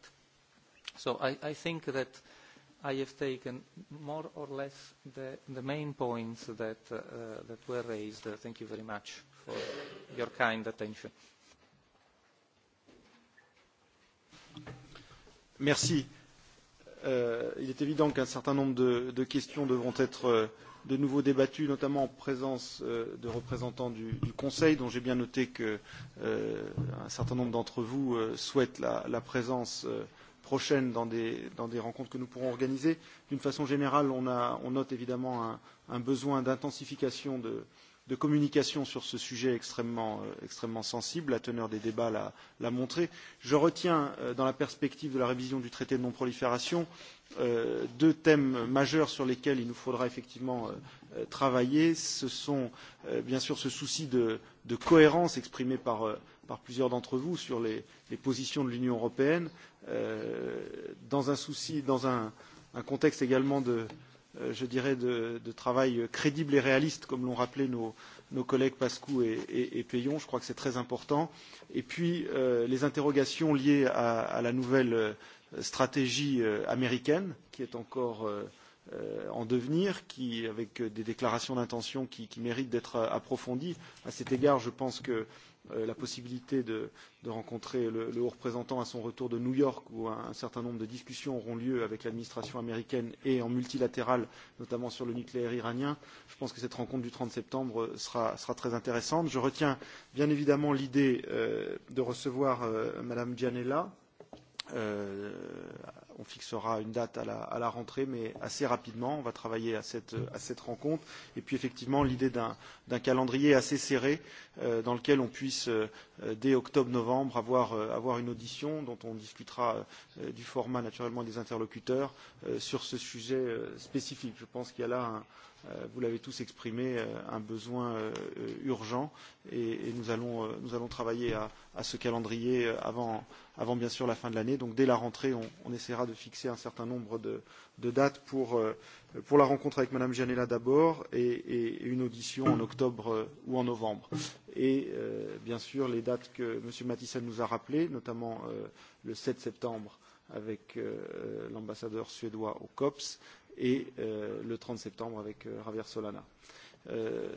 Speaker 3: So I, I think that I have taken more or less the, the main points that, uh, that were raised. Uh, thank you very much for your kind attention.
Speaker 1: Thank you. Merci. Euh, il est évident qu'un certain nombre de, de questions devront être euh, de nouveau débattues, notamment en présence euh, de représentants du, du Conseil, dont j'ai bien noté que euh, un certain nombre d'entre vous euh, souhaitent la, la présence prochaine dans des, dans des rencontres que nous pourrons organiser. D'une façon générale, on, a, on note évidemment un, un besoin d'intensification de, euh, de communication sur ce sujet extrêmement, euh, extrêmement sensible. La teneur des débats l'a montré. Je retiens, euh, dans la perspective de la révision du traité de non-prolifération, euh, deux thèmes majeurs sur lesquels il nous faudra effectivement euh, euh, travailler. Ce sont euh, bien sûr ce souci de, de cohérence exprimé par, euh, par plusieurs d'entre vous sur les, les positions de l'Union européenne, euh, dans un souci, dans un, un contexte également de, euh, Euh, je dirais, de, de travail crédible et réaliste, comme l'ont rappelé nos, nos collègues Pascou et, et, et Payon. Je crois que c'est très important. Et puis, euh, les interrogations liées à, à la nouvelle euh, stratégie euh, américaine, qui est encore euh, en devenir, qui, avec des déclarations d'intention qui, qui méritent d'être approfondies. À cet égard, je pense que euh, Euh, la possibilité de, de rencontrer le, le haut représentant à son retour de New York, où un, un certain nombre de discussions auront lieu avec l'administration américaine et en multilatéral, notamment sur le nucléaire iranien. Je pense que cette rencontre du 30 septembre sera, sera très intéressante. Je retiens bien évidemment l'idée euh, de recevoir euh, Madame Gianella. Euh, on fixera une date à la, à la rentrée, mais assez rapidement, on va travailler à cette, à cette rencontre. Et puis effectivement, l'idée d'un calendrier assez serré euh, dans lequel on puisse, euh, dès octobre-novembre, avoir, euh, avoir une audition dont on discutera euh, du format naturellement des interlocuteurs euh, sur ce sujet euh, spécifique. Je pense qu'il y a là un, Euh, vous l'avez tous exprimé, euh, un besoin euh, urgent et, et nous, allons, nous allons travailler à, à ce calendrier avant, avant bien sûr la fin de l'année. Donc dès la rentrée, on, on essaiera de fixer un certain nombre de, de dates pour, pour la rencontre avec Madame Janella d'abord et, et une audition en octobre ou en novembre. Et euh, bien sûr les dates que M. Matissel nous a rappelées, notamment euh, le 7 septembre avec euh, l'ambassadeur suédois au COPS, et euh, le 30 septembre avec euh, Javier Solana. Euh,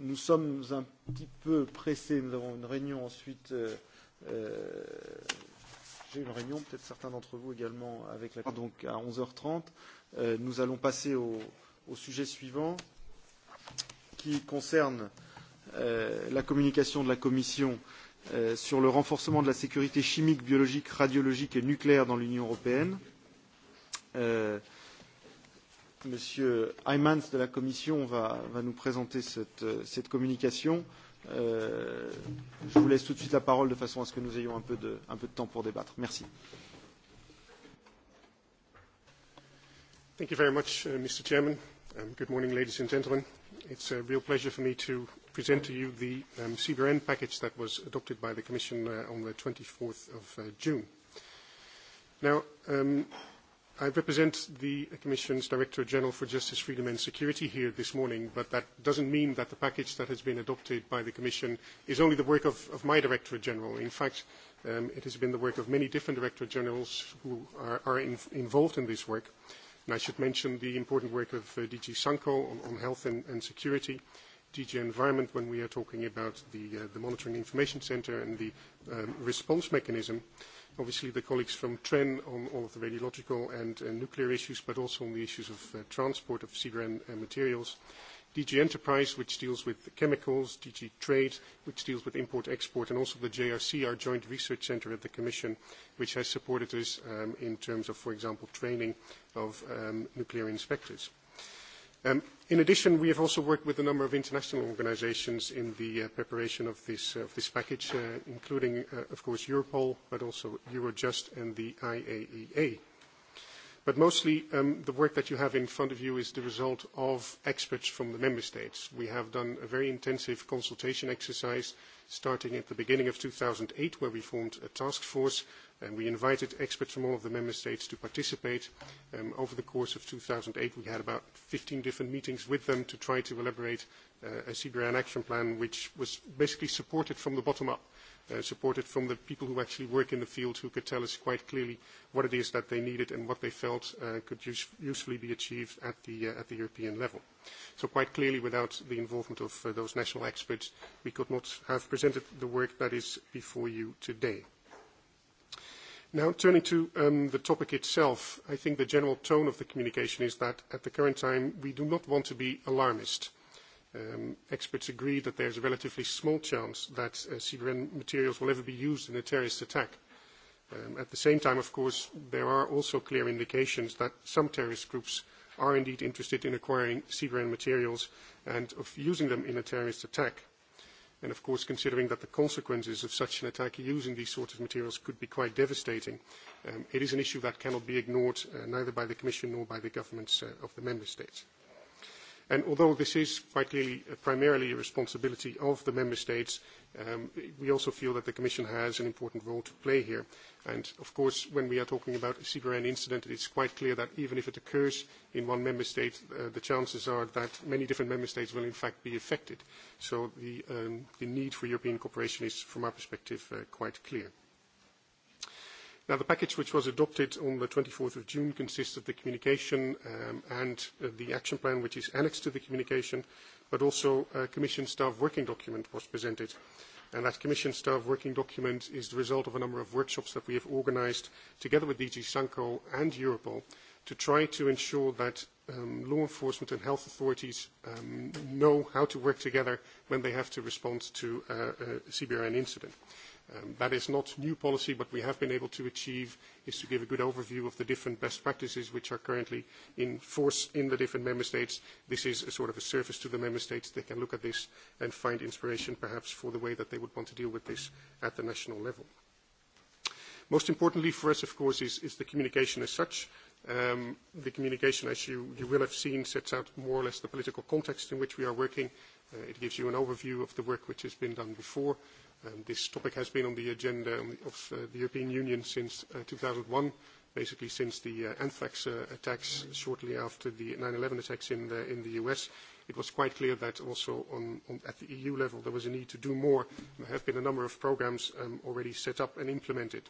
Speaker 1: nous sommes un petit peu pressés, nous avons une réunion ensuite. Euh, euh, J'ai une réunion, peut-être certains d'entre vous également, avec la donc à 11h30. Euh, nous allons passer au, au sujet suivant qui concerne euh, la communication de la Commission euh, sur le renforcement de la sécurité chimique, biologique, radiologique et nucléaire dans l'Union européenne. Euh, Monsieur Heimans de la Commission va, va nous présenter cette, cette communication. Euh, je vous laisse tout de suite la parole de façon à ce que nous ayons un peu de, un peu de temps pour débattre. Merci.
Speaker 19: Thank you very much, uh, Mr. Chairman. Um, good morning, ladies and gentlemen. It's a real pleasure for me to present to you the um, CBRN package that was adopted by the Commission uh, on the 24th of uh, June. Now, um, I represent the Commission's Director General for Justice, Freedom and Security here this morning, but that doesn't mean that the package that has been adopted by the Commission is only the work of, of my Director General. In fact, um, it has been the work of many different Director Generals who are, are in, involved in this work. And I should mention the important work of uh, DG Sanko on, on health and, and security, DG Environment when we are talking about the, uh, the Monitoring Information Centre and the um, response mechanism obviously the colleagues from TREN on all of the radiological and uh, nuclear issues, but also on the issues of uh, transport of CBRN uh, materials. DG Enterprise, which deals with chemicals, DG Trade, which deals with import-export, and also the JRC, our joint research center at the Commission, which has supported us um, in terms of, for example, training of um, nuclear inspectors. Um, in addition, we have also worked with a number of international organizations in the uh, preparation of this, uh, of this package, uh, including, uh, of course, Europol, but also Eurojust and the IAEA. E But mostly, um, the work that you have in front of you is the result of experts from the member states. We have done a very intensive consultation exercise starting at the beginning of 2008, where we formed a task force, and we invited experts from all of the member states to participate. Um, over the course of 2008, we had about 15 different meetings with them to try to elaborate uh, a CBRN action plan, which was basically supported from the bottom up uh, supported from the people who actually work in the field who could tell us quite clearly what it is that they needed and what they felt uh, could use, usefully be achieved at the, uh, at the European level. So quite clearly without the involvement of uh, those national experts, we could not have presented the work that is before you today. Now turning to um, the topic itself, I think the general tone of the communication is that at the current time we do not want to be alarmist. Uh, Um, experts agree that there's a relatively small chance that uh, CBN materials will ever be used in a terrorist attack. Um, at the same time, of course, there are also clear indications that some terrorist groups are indeed interested in acquiring CBN materials and of using them in a terrorist attack. And of course, considering that the consequences of such an attack using these sorts of materials could be quite devastating, um, it is an issue that cannot be ignored uh, neither by the Commission nor by the governments uh, of the Member States. Although this is quite clearly uh, primarily a responsibility of the member states, um, we also feel that the Commission has an important role to play here. And of course, when we are talking about a CBRN incident, it's quite clear that even if it occurs in one member state, uh, the chances are that many different member states will in fact be affected. So the, um, the need for European cooperation is, from our perspective, uh, quite clear. Now, the package which was adopted on the 24th of June consists of the communication um, and uh, the action plan which is annexed to the communication, but also a Commission staff working document was presented. And that Commission staff working document is the result of a number of workshops that we have organized together with DG Sanko and Europol to try to ensure that um, law enforcement and health authorities um, know how to work together when they have to respond to uh, a CBRN incident. Um, that is not new policy. What we have been able to achieve is to give a good overview of the different best practices which are currently in force in the different member states. This is a sort of a service to the member states. They can look at this and find inspiration perhaps for the way that they would want to deal with this at the national level. Most importantly for us, of course, is the communication as such. Um, the communication, as you will have seen, sets out more or less the political context in which we are working. Uh, it gives you an overview of the work which has been done before. Um, this topic has been on the agenda of uh, the European Union since uh, 2001, basically since the uh, anthrax uh, attacks shortly after the 9-11 attacks in the, in the US. It was quite clear that also on, on, at the EU level there was a need to do more. There have been a number of programs um, already set up and implemented.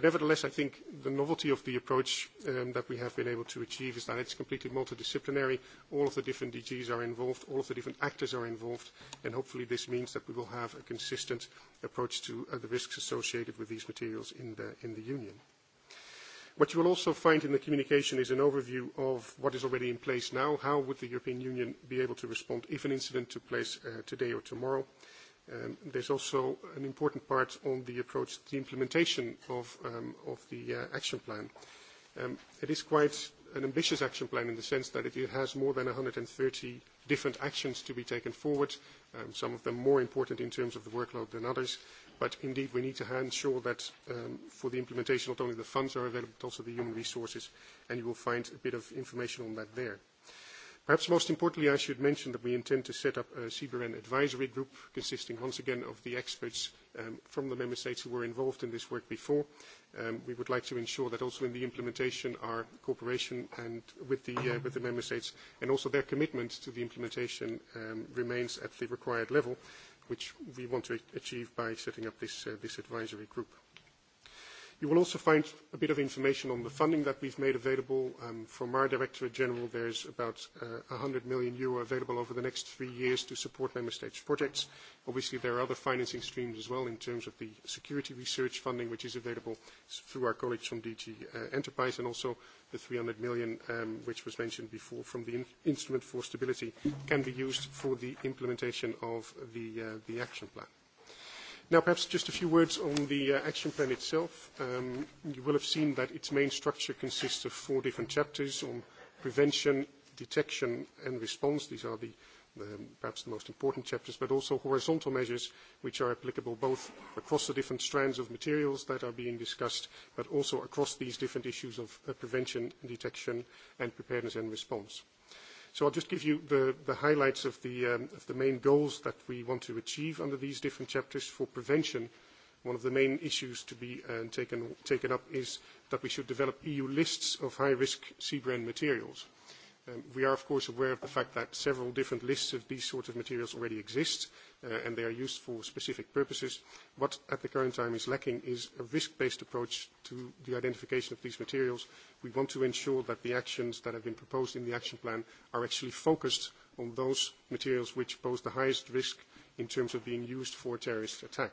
Speaker 19: Nevertheless, I think the novelty of the approach um, that we have been able to achieve is that it's completely multidisciplinary. All of the different DGs are involved, all of the different actors are involved, and hopefully this means that we will have a consistent approach to uh, the risks associated with these materials in the union. What you will also find in the communication is an overview of what is already in place now. How would the European Union be able to respond if an incident took place uh, today or tomorrow? Um, there's also an important part on the approach to the implementation of um, the uh, action plan. Um, it is quite an ambitious action plan in the sense that it has more than 130 different actions to be taken forward, some of them more important in terms of the workload than others. But indeed, we need to ensure that for the implementation, not only the funds are available, but also the human resources, and you will find a bit of information on that there. Perhaps most importantly, I should mention that we intend to set up a CBRN advisory group consisting once again of the experts um, from the member states who were involved in this work before. Um, we would like to ensure that also in the implementation our cooperation and with, the, uh, with the member states and also their commitment to the implementation um, remains at the required level, which we want to achieve by setting up this, uh, this advisory group. You will also find a bit of information on the funding that we've made available. Um, from our Directorate General, there's about 100 uh, million euro available over the next three years to support member states' projects. Obviously, there are other financing streams as well in terms of the security research funding, which is available through our colleagues from DG uh, Enterprise, and also the 300 million, um, which was mentioned before from the Instrument for Stability, can be used for the implementation of the uh, action plan. Now, perhaps just a few words on the uh, action plan itself. Um, you will have seen that its main structure consists of four different chapters on prevention, detection, and response. These are the, the perhaps the most important chapters, but also horizontal measures which are applicable both across the different strands of materials that are being discussed, but also across these different issues of uh, prevention, detection, and preparedness and response. Uh, So I'll just give you the, the highlights of the, um, of the main goals that we want to achieve under these different chapters for prevention. One of the main issues to be uh, taken, taken up is that we should develop EU lists of high-risk seabrand materials. Um, we are, of course, aware of the fact that several different lists of these sorts of materials already exist, uh, and they are used for specific purposes. What, at the current time, is lacking is a risk-based approach to the identification of these materials. We want to ensure that the actions that have been proposed in the action plan are actually focused on those materials which pose the highest risk in terms of being used for terrorist attack.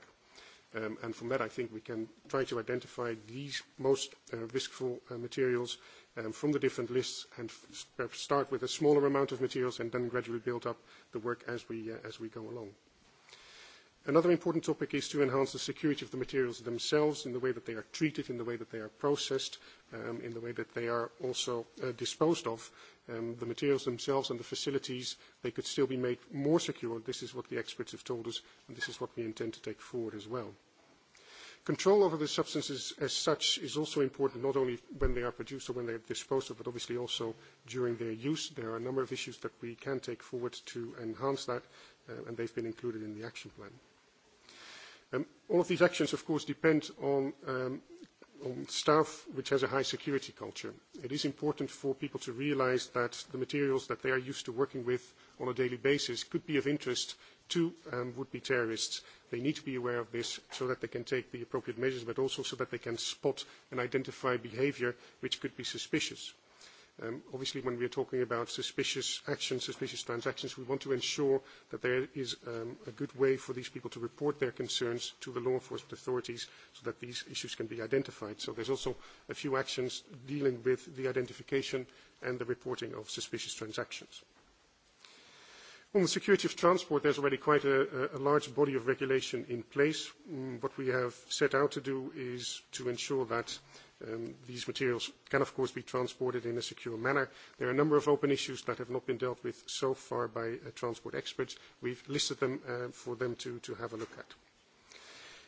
Speaker 19: Um, and from that, I think we can try to identify these most uh, riskful uh, materials Um, from the different lists and f- uh, start with a smaller amount of materials and then gradually build up the work as we, uh, as we go along. Another important topic is to enhance the security of the materials themselves in the way that they are treated, in the way that they are processed, um, in the way that they are also uh, disposed of. Um, the materials themselves and the facilities, they could still be made more secure. This is what the experts have told us, and this is what we intend to take forward as well. Control over the substances as such is also important not only when they are produced or when they are disposed of, but obviously also during their use. There are a number of issues that we can take forward to enhance that, uh, and they've been included in the action plan. Um, all of these actions, of course, depend on, um, on staff which has a high security culture. It is important for people to realize that the materials that they are used to working with on a daily basis could be of interest to um, would-be terrorists. They need to be aware of this so that they can take the appropriate measures, but also so that they can spot and identify behavior which could be suspicious. Um, obviously, when we are talking about suspicious actions, suspicious transactions, we want to ensure that there is um, a good way for these people to report their concerns to the law enforcement authorities so that these issues can be identified. So there's also a few actions dealing with the identification and the reporting of suspicious transactions. On the security of transport, there's already quite a large body of regulation in place. Mm, what we have set out to do is to ensure that um, these materials can, of course, be transported in a secure manner. There are a number of open issues that have not been dealt with so far by uh, transport experts. We've listed them uh, for them to have a look at.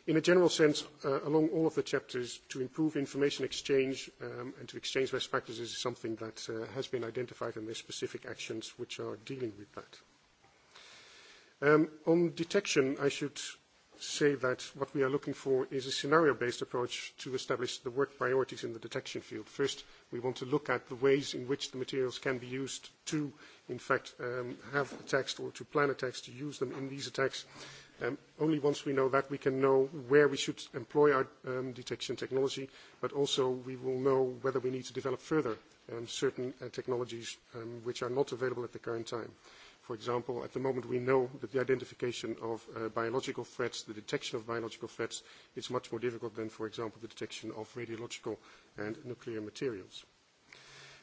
Speaker 19: In a general sense, uh, along all of the chapters, to improve information exchange um, and to exchange best practices is something that has been identified, and there's specific actions which are dealing with that. Um, on detection, I should say that what we are looking for is a scenario-based approach to establish the work priorities in the detection field. First, we want to look at the ways in which the materials can be used to, in fact, um, have attacks or to plan attacks, to use them in these attacks. Um, only once we know that, we can know where we should employ our detection technology, but also we will know whether we need to develop further certain uh, technologies which are not available at the current time. For example, at the moment we know that the identification of uh, biological threats, the detection of biological threats, is much more difficult than, for example, the detection of radiological and nuclear materials.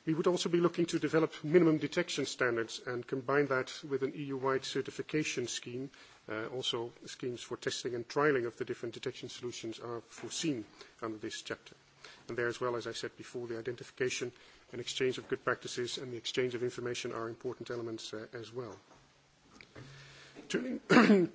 Speaker 19: We would also be looking to develop minimum detection standards and combine that with an EU-wide certification scheme. Uh, also, schemes for testing and trialing of the different detection solutions are foreseen under this chapter. And there as well, as I said before, the identification and exchange of good practices and the exchange of information are important elements uh, as well. Turning,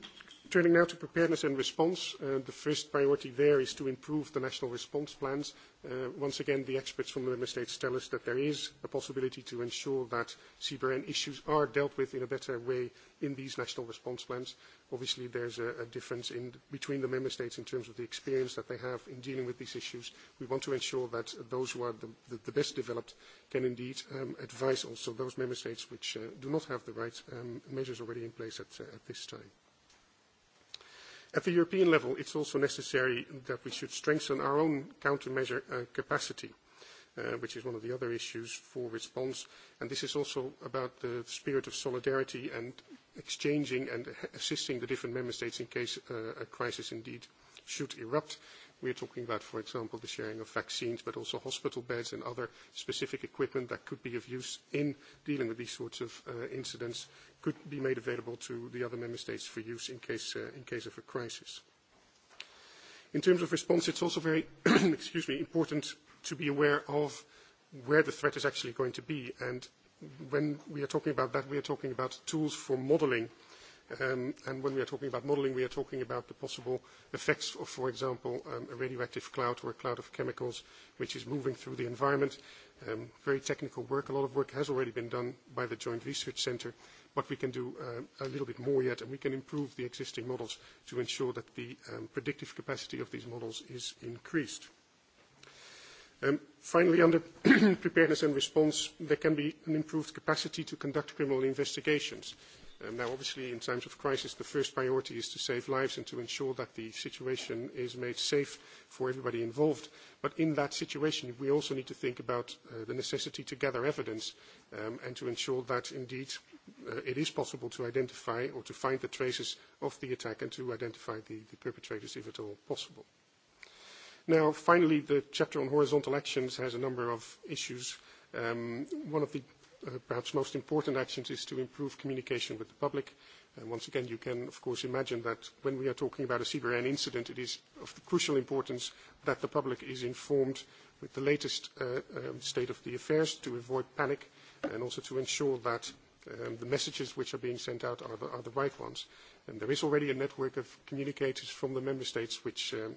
Speaker 19: Turning now to preparedness and response, uh, the first priority there is to improve the national response plans. Uh, once again, the experts from the member states tell us that there is a possibility to ensure that CBRN issues are dealt with in a better way in these national response plans. Obviously, there's a difference between the member states in terms of the experience that they have in dealing with these issues. We want to ensure that those who are the best developed can indeed um, advise also those member states which uh, do not have the right um, measures already in place at this time. At the European level, it's also necessary that we should strengthen our own countermeasure uh, capacity, uh, which is one of the other issues for response. And this is also about the spirit of solidarity and exchanging and assisting the different member states in case uh, a crisis indeed should erupt. We are talking about, for example, the sharing of vaccines, but also hospital beds and other specific equipment that could be of use in dealing with these sorts of uh, incidents could be made available to the other member states for use in case, uh, in case of a crisis. In terms of response, it's also very excuse me, important to be aware of where the threat is actually going to be. And when we are talking about that, we are talking about tools for modeling uh, um, and when we are talking about modeling, we are talking about the possible effects of, for example, um, a radioactive cloud or a cloud of chemicals which is moving through the environment. Um, very technical work. A lot of work has already been done by the Joint Research Center, but we can do uh, a little bit more yet, and we can improve the existing models to ensure that the um, predictive capacity of these models is increased. Um, finally, under preparedness and response, there can be an improved capacity to conduct criminal investigations. Uh, now, obviously, in times of crisis, the first priority is to save lives and to ensure that the situation is made safe for everybody involved. But in that situation, we also need to think about uh, the necessity to gather evidence um, and to ensure that indeed uh, it is possible to identify or to find the traces of the attack and to identify the, the perpetrators if at all possible. Now, finally, the chapter on horizontal actions has a number of issues. Um, one of the Uh, perhaps most important actions is to improve communication with the public. And once again, you can, of course, imagine that when we are talking about a CBRN incident, it is of crucial importance that the public is informed with the latest uh, um, state of the affairs to avoid panic and also to ensure that um, the messages which are being sent out are the, are the right ones. There is already a network of communicators from the member states which uh,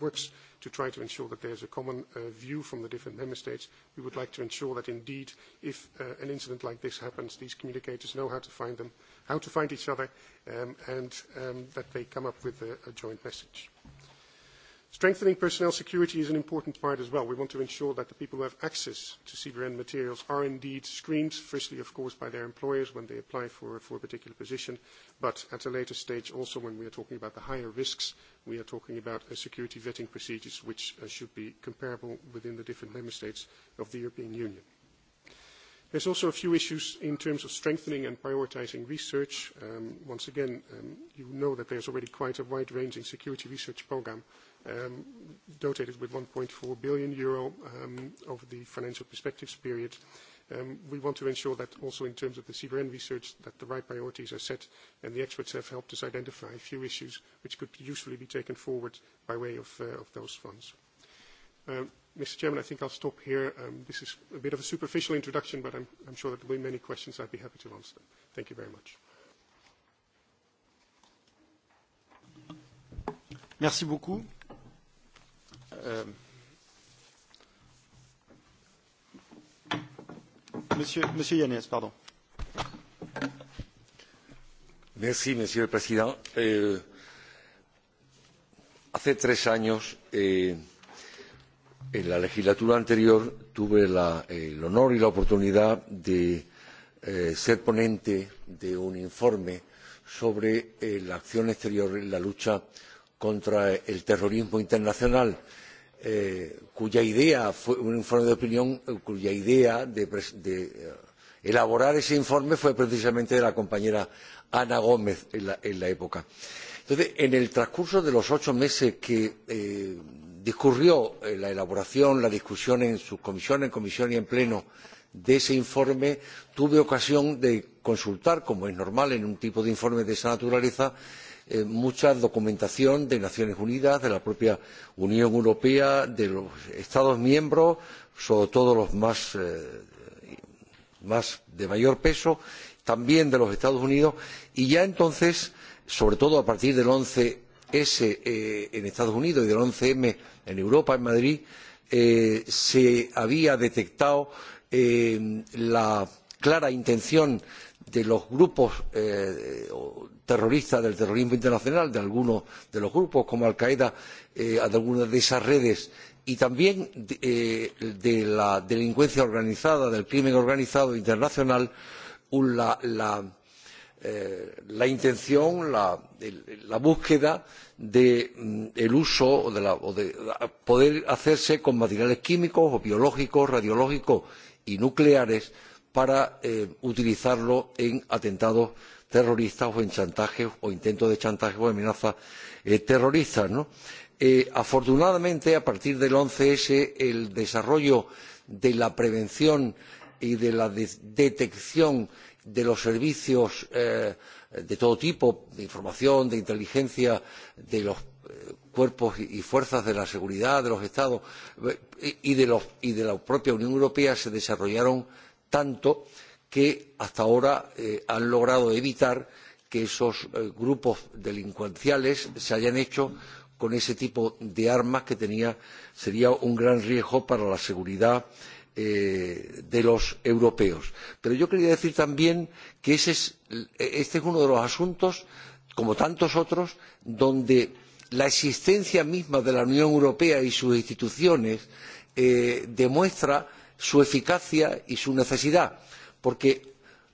Speaker 19: works to try to ensure that there's a common uh, view from the different member states. We would like to ensure that indeed, if uh, an incident like this happens, these communicators know how to find them, how to find each other, um, and um, that they come up with a joint message. Strengthening personnel security is an important part as well. We want to ensure that the people who have access to CBRN materials are indeed screened, firstly, of course, by their employers when they apply for, for a particular position, but at a later stage also when we are talking about the higher risks, we are talking about uh, security vetting procedures which uh, should be comparable within the different member states of the European Union. There's also a few issues in terms of strengthening and prioritizing research. Um, once again, um, you know that there's already quite a wide-ranging security research program Um, dotated with 1.4 billion euro um, over the financial perspectives period. Um, we want to ensure that also in terms of the CVRM research, that the right priorities are set, and the experts have helped us identify a few issues which could usefully be taken forward by way of uh, those funds. Mr. Chairman, I think I'll stop here. This is a bit of a superficial introduction, but I'm sure there'll be many questions. I'd be happy to answer them. Thank you very much.
Speaker 1: Merci beaucoup. Euh, monsieur yanez pardon.
Speaker 2: merci monsieur le président eh, hace tres años eh, en la legislatura anterior tuve la, eh, el honor y la oportunidad de eh, ser ponente de un informe sobre eh, la acción exterior y la lucha contra el terrorismo internacional. Eh, cuya idea fue un informe de opinión eh, cuya idea de, de eh, elaborar ese informe fue precisamente de la compañera Ana Gómez en la, en la época. Entonces, en el transcurso de los ocho meses que eh, discurrió eh, la elaboración, la discusión en sus comisiones, en comisión y en pleno de ese informe, tuve ocasión de consultar, como es normal en un tipo de informe de esa naturaleza, Eh, mucha documentación de las naciones unidas de la propia unión europea de los estados miembros sobre todo los eh, de mayor peso también de los estados unidos y ya entonces sobre todo a partir del once s eh, en los estados unidos y del once m en europa en madrid se había detectado la clara intención de los grupos terrorista del terrorismo internacional de alguno de los grupos como al qaeda eh, de alguna de esas redes y también de eh, la delincuencia organizada del crimen organizado internacional eh, la intención la búsqueda del mm, uso o de poder hacerse con materiales químicos o biológicos radiológicos y nucleares para utilizarlo en atentados terroristas o en chantajes o intentos de chantaje o amenazas eh, terroristas. ¿no? Eh, afortunadamente, a partir del 11S, el desarrollo de la prevención y de la de detección de los servicios eh, de todo tipo, de información, de inteligencia, de los eh, cuerpos y fuerzas de la seguridad de los Estados eh, y de, los, y de la propia Unión Europea se desarrollaron tanto eh, que hasta ahora eh, han logrado evitar que esos eh, grupos delincuenciales se hayan hecho con ese tipo de armas que tenía, sería un gran riesgo para la seguridad eh, de los europeos. Pero yo quería decir también que ese es, este es uno de los asuntos, como tantos otros, donde la existencia misma de la Unión Europea y sus instituciones eh, demuestra su eficacia y su necesidad. Eh, porque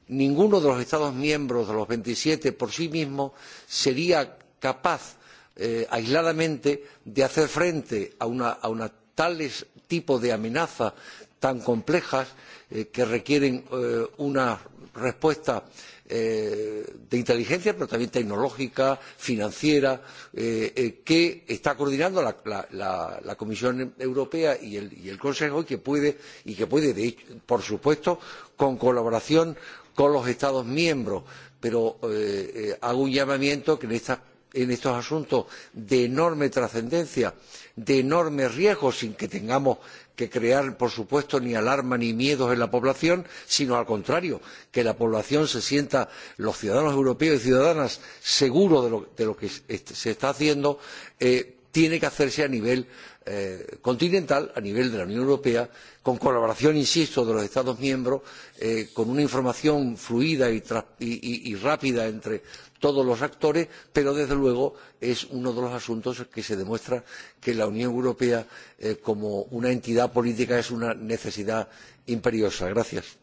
Speaker 2: ninguno de los Estados miembros de los 27 por sí mismo sería capaz eh, aisladamente de hacer frente a una, a una tales tipo de amenazas tan complejas eh, que requieren eh, una respuesta eh, Eh, de inteligencia, pero también tecnológica, financiera, eh, eh, que está coordinando la, la, la, la Comisión Europea y el, y el Consejo y que puede, y que puede de hecho, por supuesto, con colaboración con los Estados miembros. Pero eh, eh, hago un llamamiento que en estas en estos asuntos de enorme trascendencia, de enorme riesgo, sin que tengamos que crear, por supuesto, ni alarma ni miedos en la población, sino al contrario, que la población se sienta, los ciudadanos europeos y ciudadanas, seguros de lo, de lo que se está haciendo, eh, tiene que hacerse a nivel eh, continental, a nivel de la Unión Europea, con colaboración, insisto, de los Estados miembros, eh, con una información fluida y, y, y, y rápida entre todos los actores pero desde luego es uno de los asuntos en que se demuestra que la unión europea eh, como una entidad política es una necesidad imperiosa. gracias.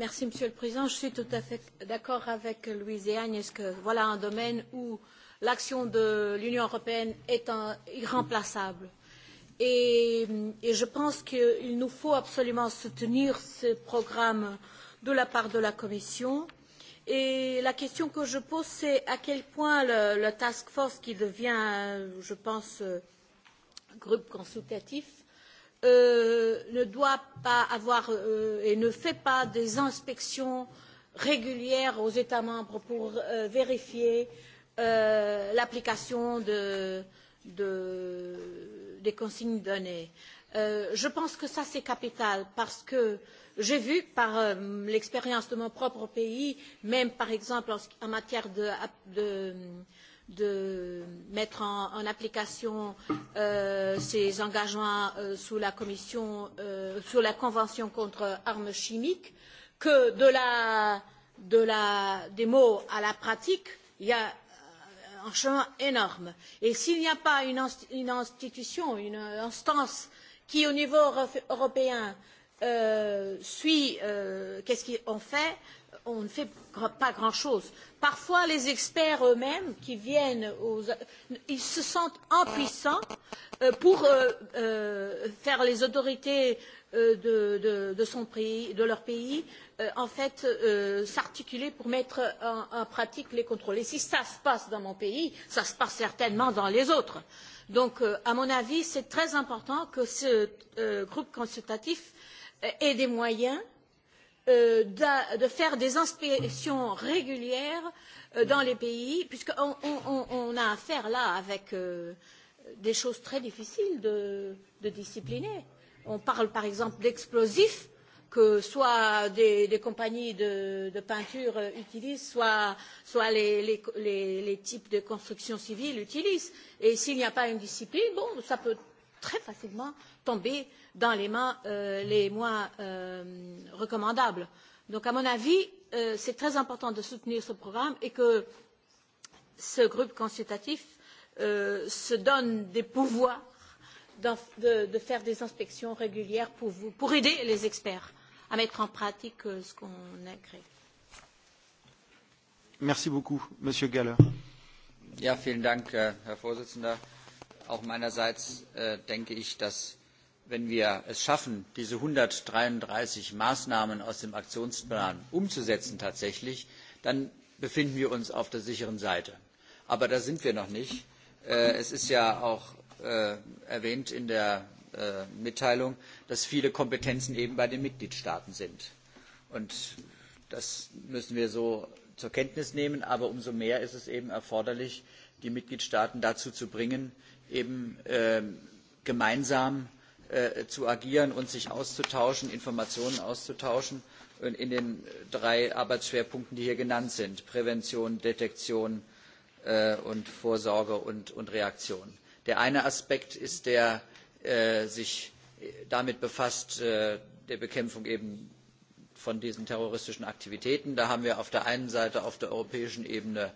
Speaker 9: monsieur le président je suis tout à fait d'accord avec lucke agnès que voilà un domaine où l'action de l'union européenne est irremplaçable. Et, et je pense qu'il nous faut absolument soutenir ce programme de la part de la Commission. Et la question que je pose, c'est à quel point le, le task force qui devient, je pense, groupe consultatif, euh, ne doit pas avoir euh, et ne fait pas des inspections régulières aux États membres pour euh, vérifier euh, l'application de, de, des consignes données. Euh, je pense que ça c'est capital parce que j'ai vu par euh, l'expérience de mon propre pays, même par exemple en, en matière de, de, de mettre en, en application euh, ces engagements euh, sous la commission, euh, sous la convention contre armes chimiques, que de la, de la, des mots à la pratique, il y a un chemin énorme. Et s'il n'y a pas une, inst une institution, une instance qui, au niveau européen, euh, suit euh, qu'est-ce qu'on fait, on ne fait pas grand-chose. Parfois, les experts eux-mêmes qui viennent, aux, ils se sentent impuissants euh, pour euh, euh, faire les autorités euh, de, de, de, son pays, de leur pays euh, en fait euh, s'articuler pour mettre en, en pratique les contrôles. Et si ça se passe dans mon pays, ça se passe certainement dans les autres. Donc, euh, à mon avis, c'est très important que ce euh, groupe consultatif euh, ait des moyens euh, de, de faire des inspections régulières euh, dans les pays, puisqu'on on, on a affaire là avec euh, des choses très difficiles de, de discipliner. On parle par exemple d'explosifs que soit des, des compagnies de, de peinture utilisent, soit, soit les, les, les, les types de construction civile utilisent. Et s'il n'y a pas une discipline, bon, ça peut très facilement tomber dans les mains euh, les moins euh, recommandables. Donc, à mon avis, euh, c'est très important de soutenir ce programme et que ce groupe consultatif euh, se donne des pouvoirs de, de faire des inspections régulières pour, vous, pour aider les experts à mettre en pratique euh, ce qu'on a créé.
Speaker 1: Merci beaucoup, Monsieur Galler.
Speaker 11: Ja, vielen Dank, äh, Herr Vorsitzender. Auch meinerseits äh, denke ich, dass wenn wir es schaffen, diese 133 Maßnahmen aus dem Aktionsplan umzusetzen tatsächlich, dann befinden wir uns auf der sicheren Seite. Aber da sind wir noch nicht. Äh, es ist ja auch äh, erwähnt in der Äh, Mitteilung, dass viele Kompetenzen eben bei den Mitgliedstaaten sind. Und das müssen wir so zur Kenntnis nehmen, aber umso mehr ist es eben erforderlich, die Mitgliedstaaten dazu zu bringen, eben äh, gemeinsam äh, zu agieren und sich auszutauschen, Informationen auszutauschen und in den drei Arbeitsschwerpunkten, die hier genannt sind, Prävention, Detektion äh, und Vorsorge und, und Reaktion. Der eine Aspekt ist der äh, Äh, sich äh, damit befasst äh, der bekämpfung von diesen terroristischen aktivitäten. da haben wir auf der einen seite auf der europäischen ebene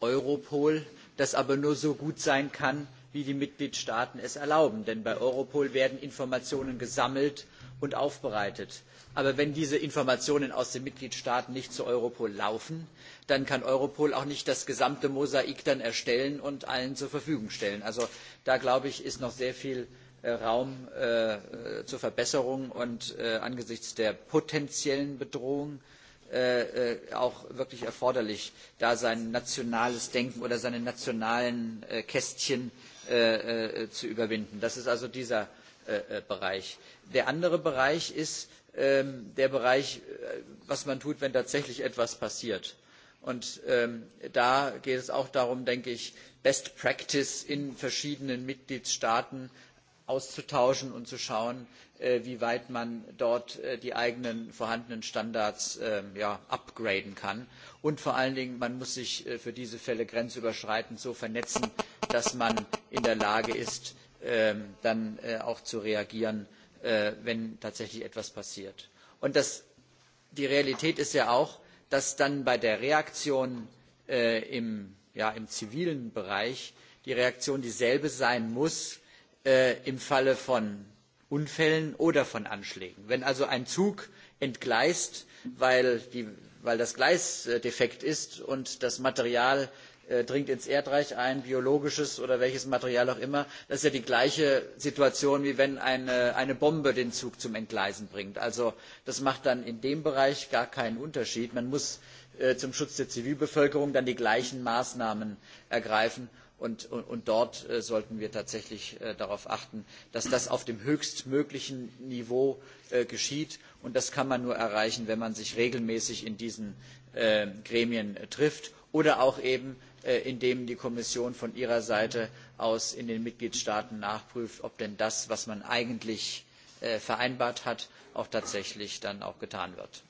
Speaker 11: europol das aber nur so gut sein kann wie die mitgliedstaaten es erlauben denn bei europol werden informationen gesammelt und aufbereitet. aber wenn diese informationen aus den mitgliedstaaten nicht zu europol laufen dann kann europol auch nicht das gesamte mosaik erstellen und allen zur verfügung stellen. also da glaube ich ist noch sehr viel Äh, raum äh, zur verbesserung und äh, angesichts der potenziellen bedrohung auch wirklich erforderlich da sein nationales denken oder seine nationalen kästchen zu überwinden. das ist also dieser bereich. der andere bereich ist ähm, der bereich was man tut wenn tatsächlich etwas passiert. und ähm, da geht es auch darum best practice in verschiedenen mitgliedstaaten auszutauschen und zu schauen, äh, wie weit man dort äh, die eigenen vorhandenen Standards ähm, ja, upgraden kann. Und vor allen Dingen, man muss sich äh, für diese Fälle grenzüberschreitend so vernetzen, dass man in der Lage ist, ähm, dann auch zu reagieren, wenn tatsächlich etwas passiert. Und das, die Realität ist ja auch, dass dann bei der Reaktion im, ja, im zivilen Bereich die Reaktion dieselbe sein muss, Äh, im falle von unfällen oder von anschlägen wenn also ein zug entgleist weil das gleis äh, defekt ist und das material äh, dringt ins erdreich ein biologisches oder welches material auch immer das ist ja die gleiche situation wie wenn eine bombe den zug zum entgleisen bringt. das macht dann in dem bereich gar keinen unterschied. man muss zum schutz der zivilbevölkerung dann die gleichen maßnahmen ergreifen und, und, und dort äh, sollten wir tatsächlich äh, darauf achten, dass das auf dem höchstmöglichen Niveau äh, geschieht. Und das kann man nur erreichen, wenn man sich regelmäßig in diesen Gremien trifft oder auch eben, indem die Kommission von ihrer Seite aus in den Mitgliedstaaten nachprüft, ob denn das, was man eigentlich vereinbart hat, auch tatsächlich dann auch getan wird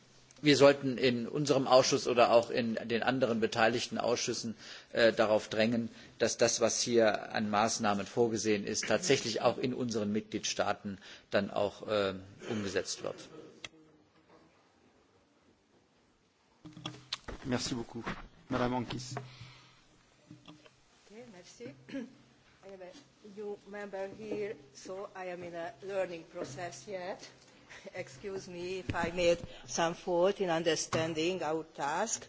Speaker 11: wir sollten in unserem ausschuss oder auch in den anderen beteiligten ausschüssen äh, darauf drängen dass das was hier an maßnahmen vorgesehen ist tatsächlich auch in unseren mitgliedstaaten dann auch äh, umgesetzt wird.
Speaker 8: excuse me if I made some fault in understanding our task.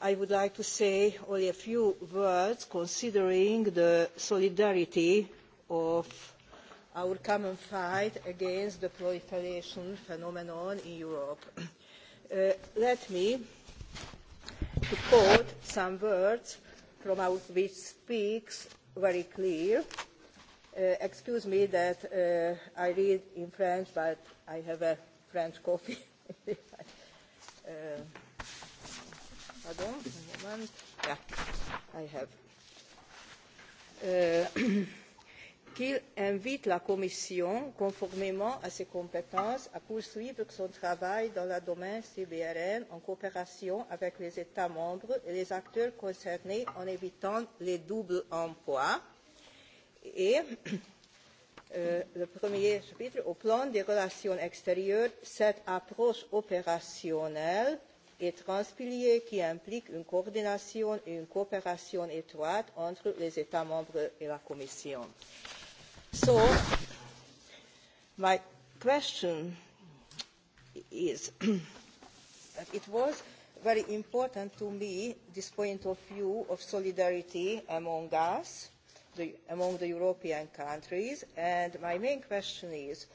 Speaker 8: I would like to say only a few words considering the solidarity of our common fight against the proliferation phenomenon in Europe. Uh, let me to quote some words from our which speaks very clear. Uh, excuse me that uh, I read in French, but I have a French coffee. uh, pardon, a moment. Yeah, I have. Uh, qu'il invite la Commission, conformément à ses compétences, à poursuivre son travail dans le domaine CBRN en coopération avec les États membres et les acteurs concernés en évitant les doubles emplois et euh, le premier chapitre au plan des relations extérieures, cette approche opérationnelle et transpilier qui implique une coordination et une coopération étroite entre les États membres et la Commission. So, my question is that it was very important to me this point of view of solidarity among us the, among the European countries. And my main question is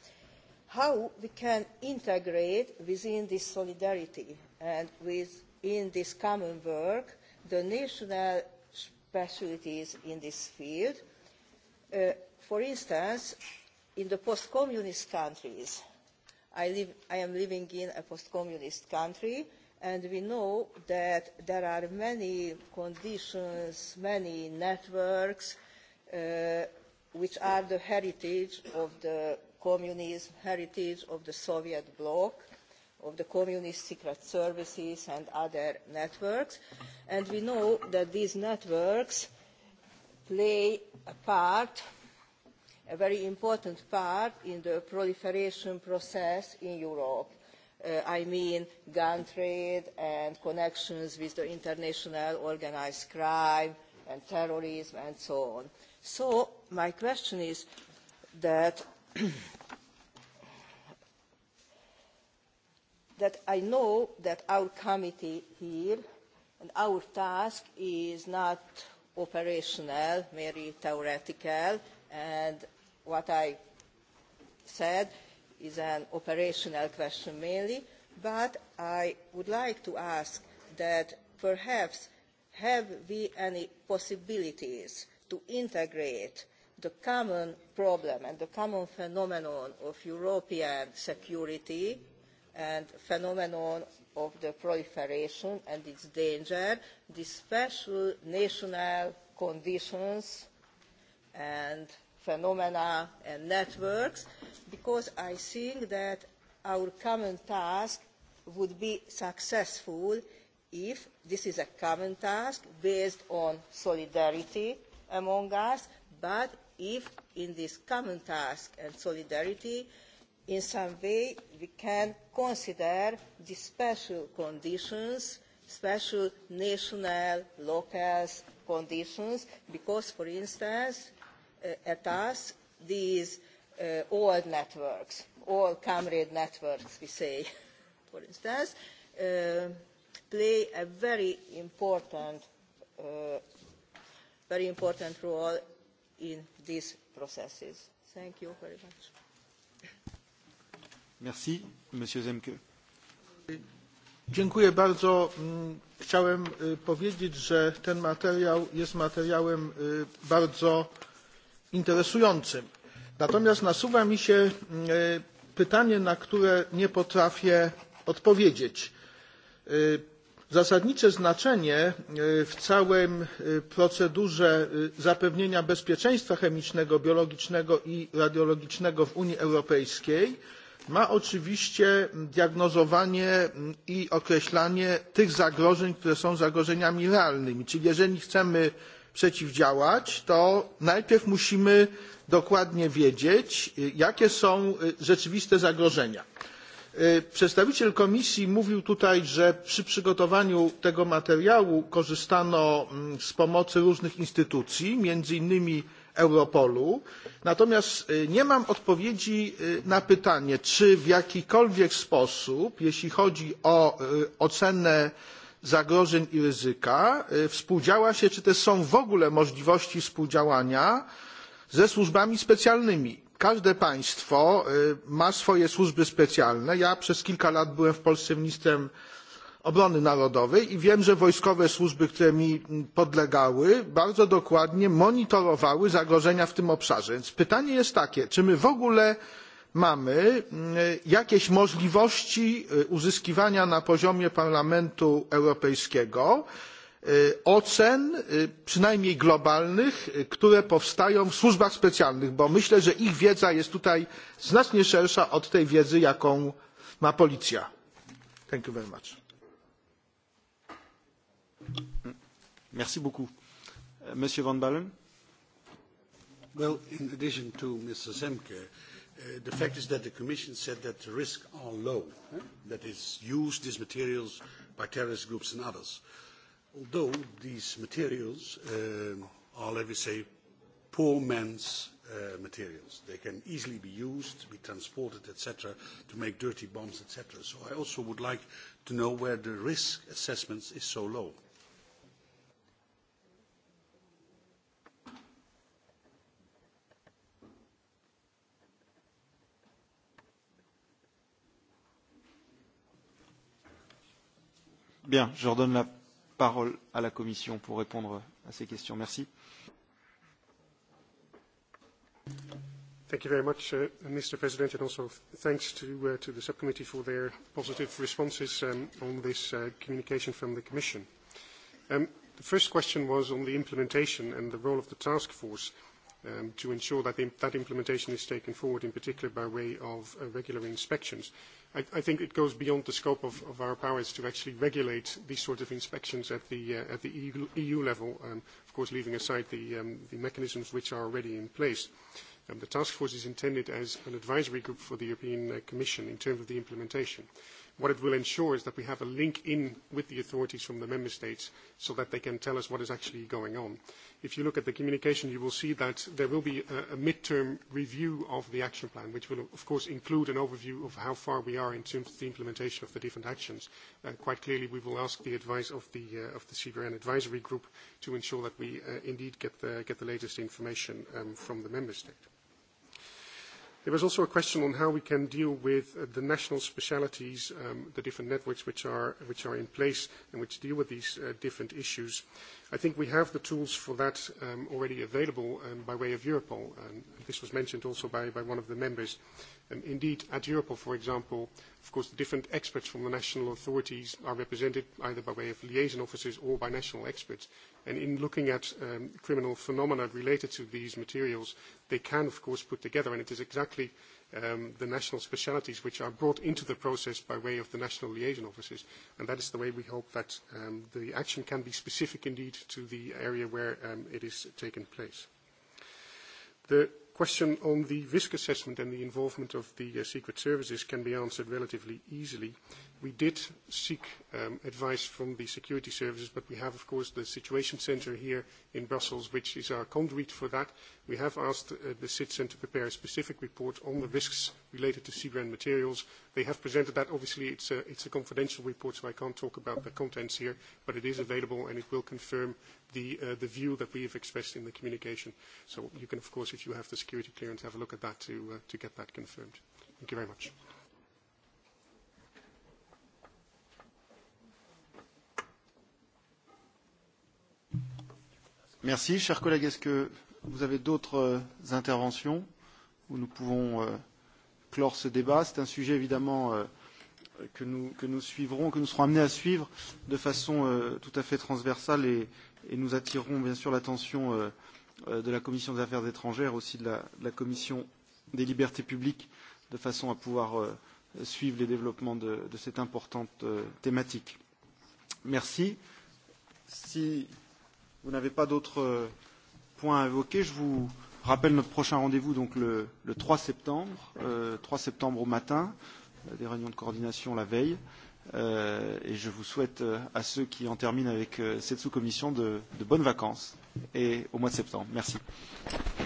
Speaker 8: how we can integrate within this solidarity and within this common work the national specialties in this field. Uh, for instance, in the post-communist countries, I, live, I am living in a post-communist country, and we know that there are many conditions, many networks, Uh, which are the heritage of the communism, heritage of the Soviet bloc, of the communist secret services and other networks. And we know that these networks play a part, a very important part in the proliferation process in Europe. Uh, I mean gun trade and connections with the international organized crime and terrorism and so on. Uh, so my question is that that i know that our committee here and our task is not operational merely theoretical and what i said is an operational question mainly but i would like to ask that perhaps have we any possibilities to integrate the common problem and the common phenomenon of European security and phenomenon of the proliferation and its danger, the special national conditions and phenomena and networks, because I think that our common task would be successful if this is a common task based on solidarity among us, but if in this common task and solidarity, in some way, we can consider the special conditions, special national, local conditions, because, for instance, uh, at us, these uh, old networks, all comrade networks, we say, for instance, uh, play a very important role. Uh, very important role in these processes. Thank you very much.
Speaker 1: Merci, Monsieur Zemke. Dziękuję bardzo. Mm, chciałem
Speaker 7: powiedzieć, że ten materiał jest materiałem bardzo interesującym. Natomiast nasuwa mi się pytanie, na które nie potrafię odpowiedzieć zasadnicze znaczenie e, w całej procedurze e, zapewnienia bezpieczeństwa chemicznego biologicznego i radiologicznego w unii europejskiej ma oczywiście diagnozowanie i określanie tych zagrożeń które są zagrożeniami realnymi czyli jeżeli chcemy przeciwdziałać to najpierw musimy dokładnie wiedzieć e, jakie są rzeczywiste zagrożenia. E, przedstawiciel komisji mówił tutaj że przy przygotowaniu tego materiału korzystano mm, z pomocy różnych instytucji między innymi europolu natomiast e, nie mam odpowiedzi e, na pytanie czy w jakikolwiek sposób jeśli chodzi o ocenę zagrożeń i ryzyka współdziała się czy też są w ogóle możliwości współdziałania ze służbami specjalnymi każde państwo ma swoje służby specjalne. ja przez kilka lat byłem w polsce ministrem obrony narodowej i wiem że wojskowe służby które mi podlegały bardzo dokładnie monitorowały zagrożenia w tym obszarze. więc pytanie jest takie czy my w ogóle mamy jakieś możliwości uzyskiwania na poziomie parlamentu europejskiego informacji E, ocen e, przynajmniej globalnych e, które powstają w służbach specjalnych bo myślę że ich wiedza jest tutaj znacznie szersza od tej wiedzy jaką ma policja. dziękuję bardzo.
Speaker 1: pani przewodnicząca!
Speaker 12: w dodatku do tego że komisja powiedziała że ryzyka są małe że although these materials uh, are, let me say, poor man's uh, materials, they can easily be used, be transported, etc., to make dirty bombs, etc. So I also would like to know where the risk assessment is so low.
Speaker 1: Bien, je redonne la parole à la commission pour répondre à ces questions. merci.
Speaker 19: Uh, mr president also thanks uh, to the subcommittee for their positive responses um, on this uh, communication from the commission. Um, the first question was on the implementation and the role of the task force um, to ensure that that implementation is taken forward in particular by way of regular inspections. I think it goes beyond the scope of our powers to actually regulate these sort of inspections at the uh, EU e e level, um, of course, leaving aside um, the mechanisms which are already in place. Um, the task force is intended as an advisory group for the European uh, Commission in terms of the implementation. What it will ensure is that we have a link in with the authorities from the member states so that they can tell us what is actually going on. If you look at the communication, you will see that there will be a, a midterm review of the action plan, which will, of course, include an overview of how far we are in terms of the implementation of the different actions. Uh, quite clearly, we will ask the advice of the, uh, of the CBRN advisory group to ensure that we uh, indeed get the, get the latest information um, from the member state. There was also a question on how we can deal with uh, the national specialities, um, the different networks which are, which are in place and which deal with these uh, different issues. I think we have the tools for that um, already available um, by way of Europol. And this was mentioned also by, by one of the members. Um, indeed, at Europol, for example, of course, the different experts from the national authorities are represented either by way of liaison officers or by national experts. And in looking at um, criminal phenomena related to these materials, they can, of course, put together, and it is exactly um, the national specialities which are brought into the process by way of the national liaison offices. And that is the way we hope that um, the action can be specific indeed to the area where um, it is taken place. The question on the risk assessment and the involvement of the uh, Secret Services can be answered relatively easily we did seek um, advice from the security services, but we have, of course, the Situation Center here in Brussels, which is our conduit for that. We have asked uh, the CITSEN to prepare a specific report on the risks related to Seagrand materials. They have presented that. Obviously, it's a, it's a confidential report, so I can't talk about the contents here, but it is available, and it will confirm the, uh, the view that we have expressed in the communication. So you can, of course, if you have the security clearance, have a look at that to, uh, to get that confirmed. Thank you very much.
Speaker 1: Merci. Cher collègue, est-ce que vous avez d'autres euh, interventions où nous pouvons euh, clore ce débat C'est un sujet évidemment euh, que nous, que nous suivrons, que nous serons amenés à suivre de façon tout à fait transversale et, et nous attirerons bien sûr l'attention de la Commission des affaires étrangères, aussi de la, de la Commission des libertés publiques, de façon à pouvoir suivre les développements de, de cette importante thématique. Merci. Si vous n'avez pas d'autres euh, points à évoquer, je vous rappelle notre prochain rendez-vous donc le, le 3 septembre, euh, 3 septembre au matin, euh, des réunions de coordination la veille. Euh, et je vous souhaite euh, à ceux qui en terminent avec cette sous-commission de, de bonnes vacances et au mois de septembre. Merci. Merci.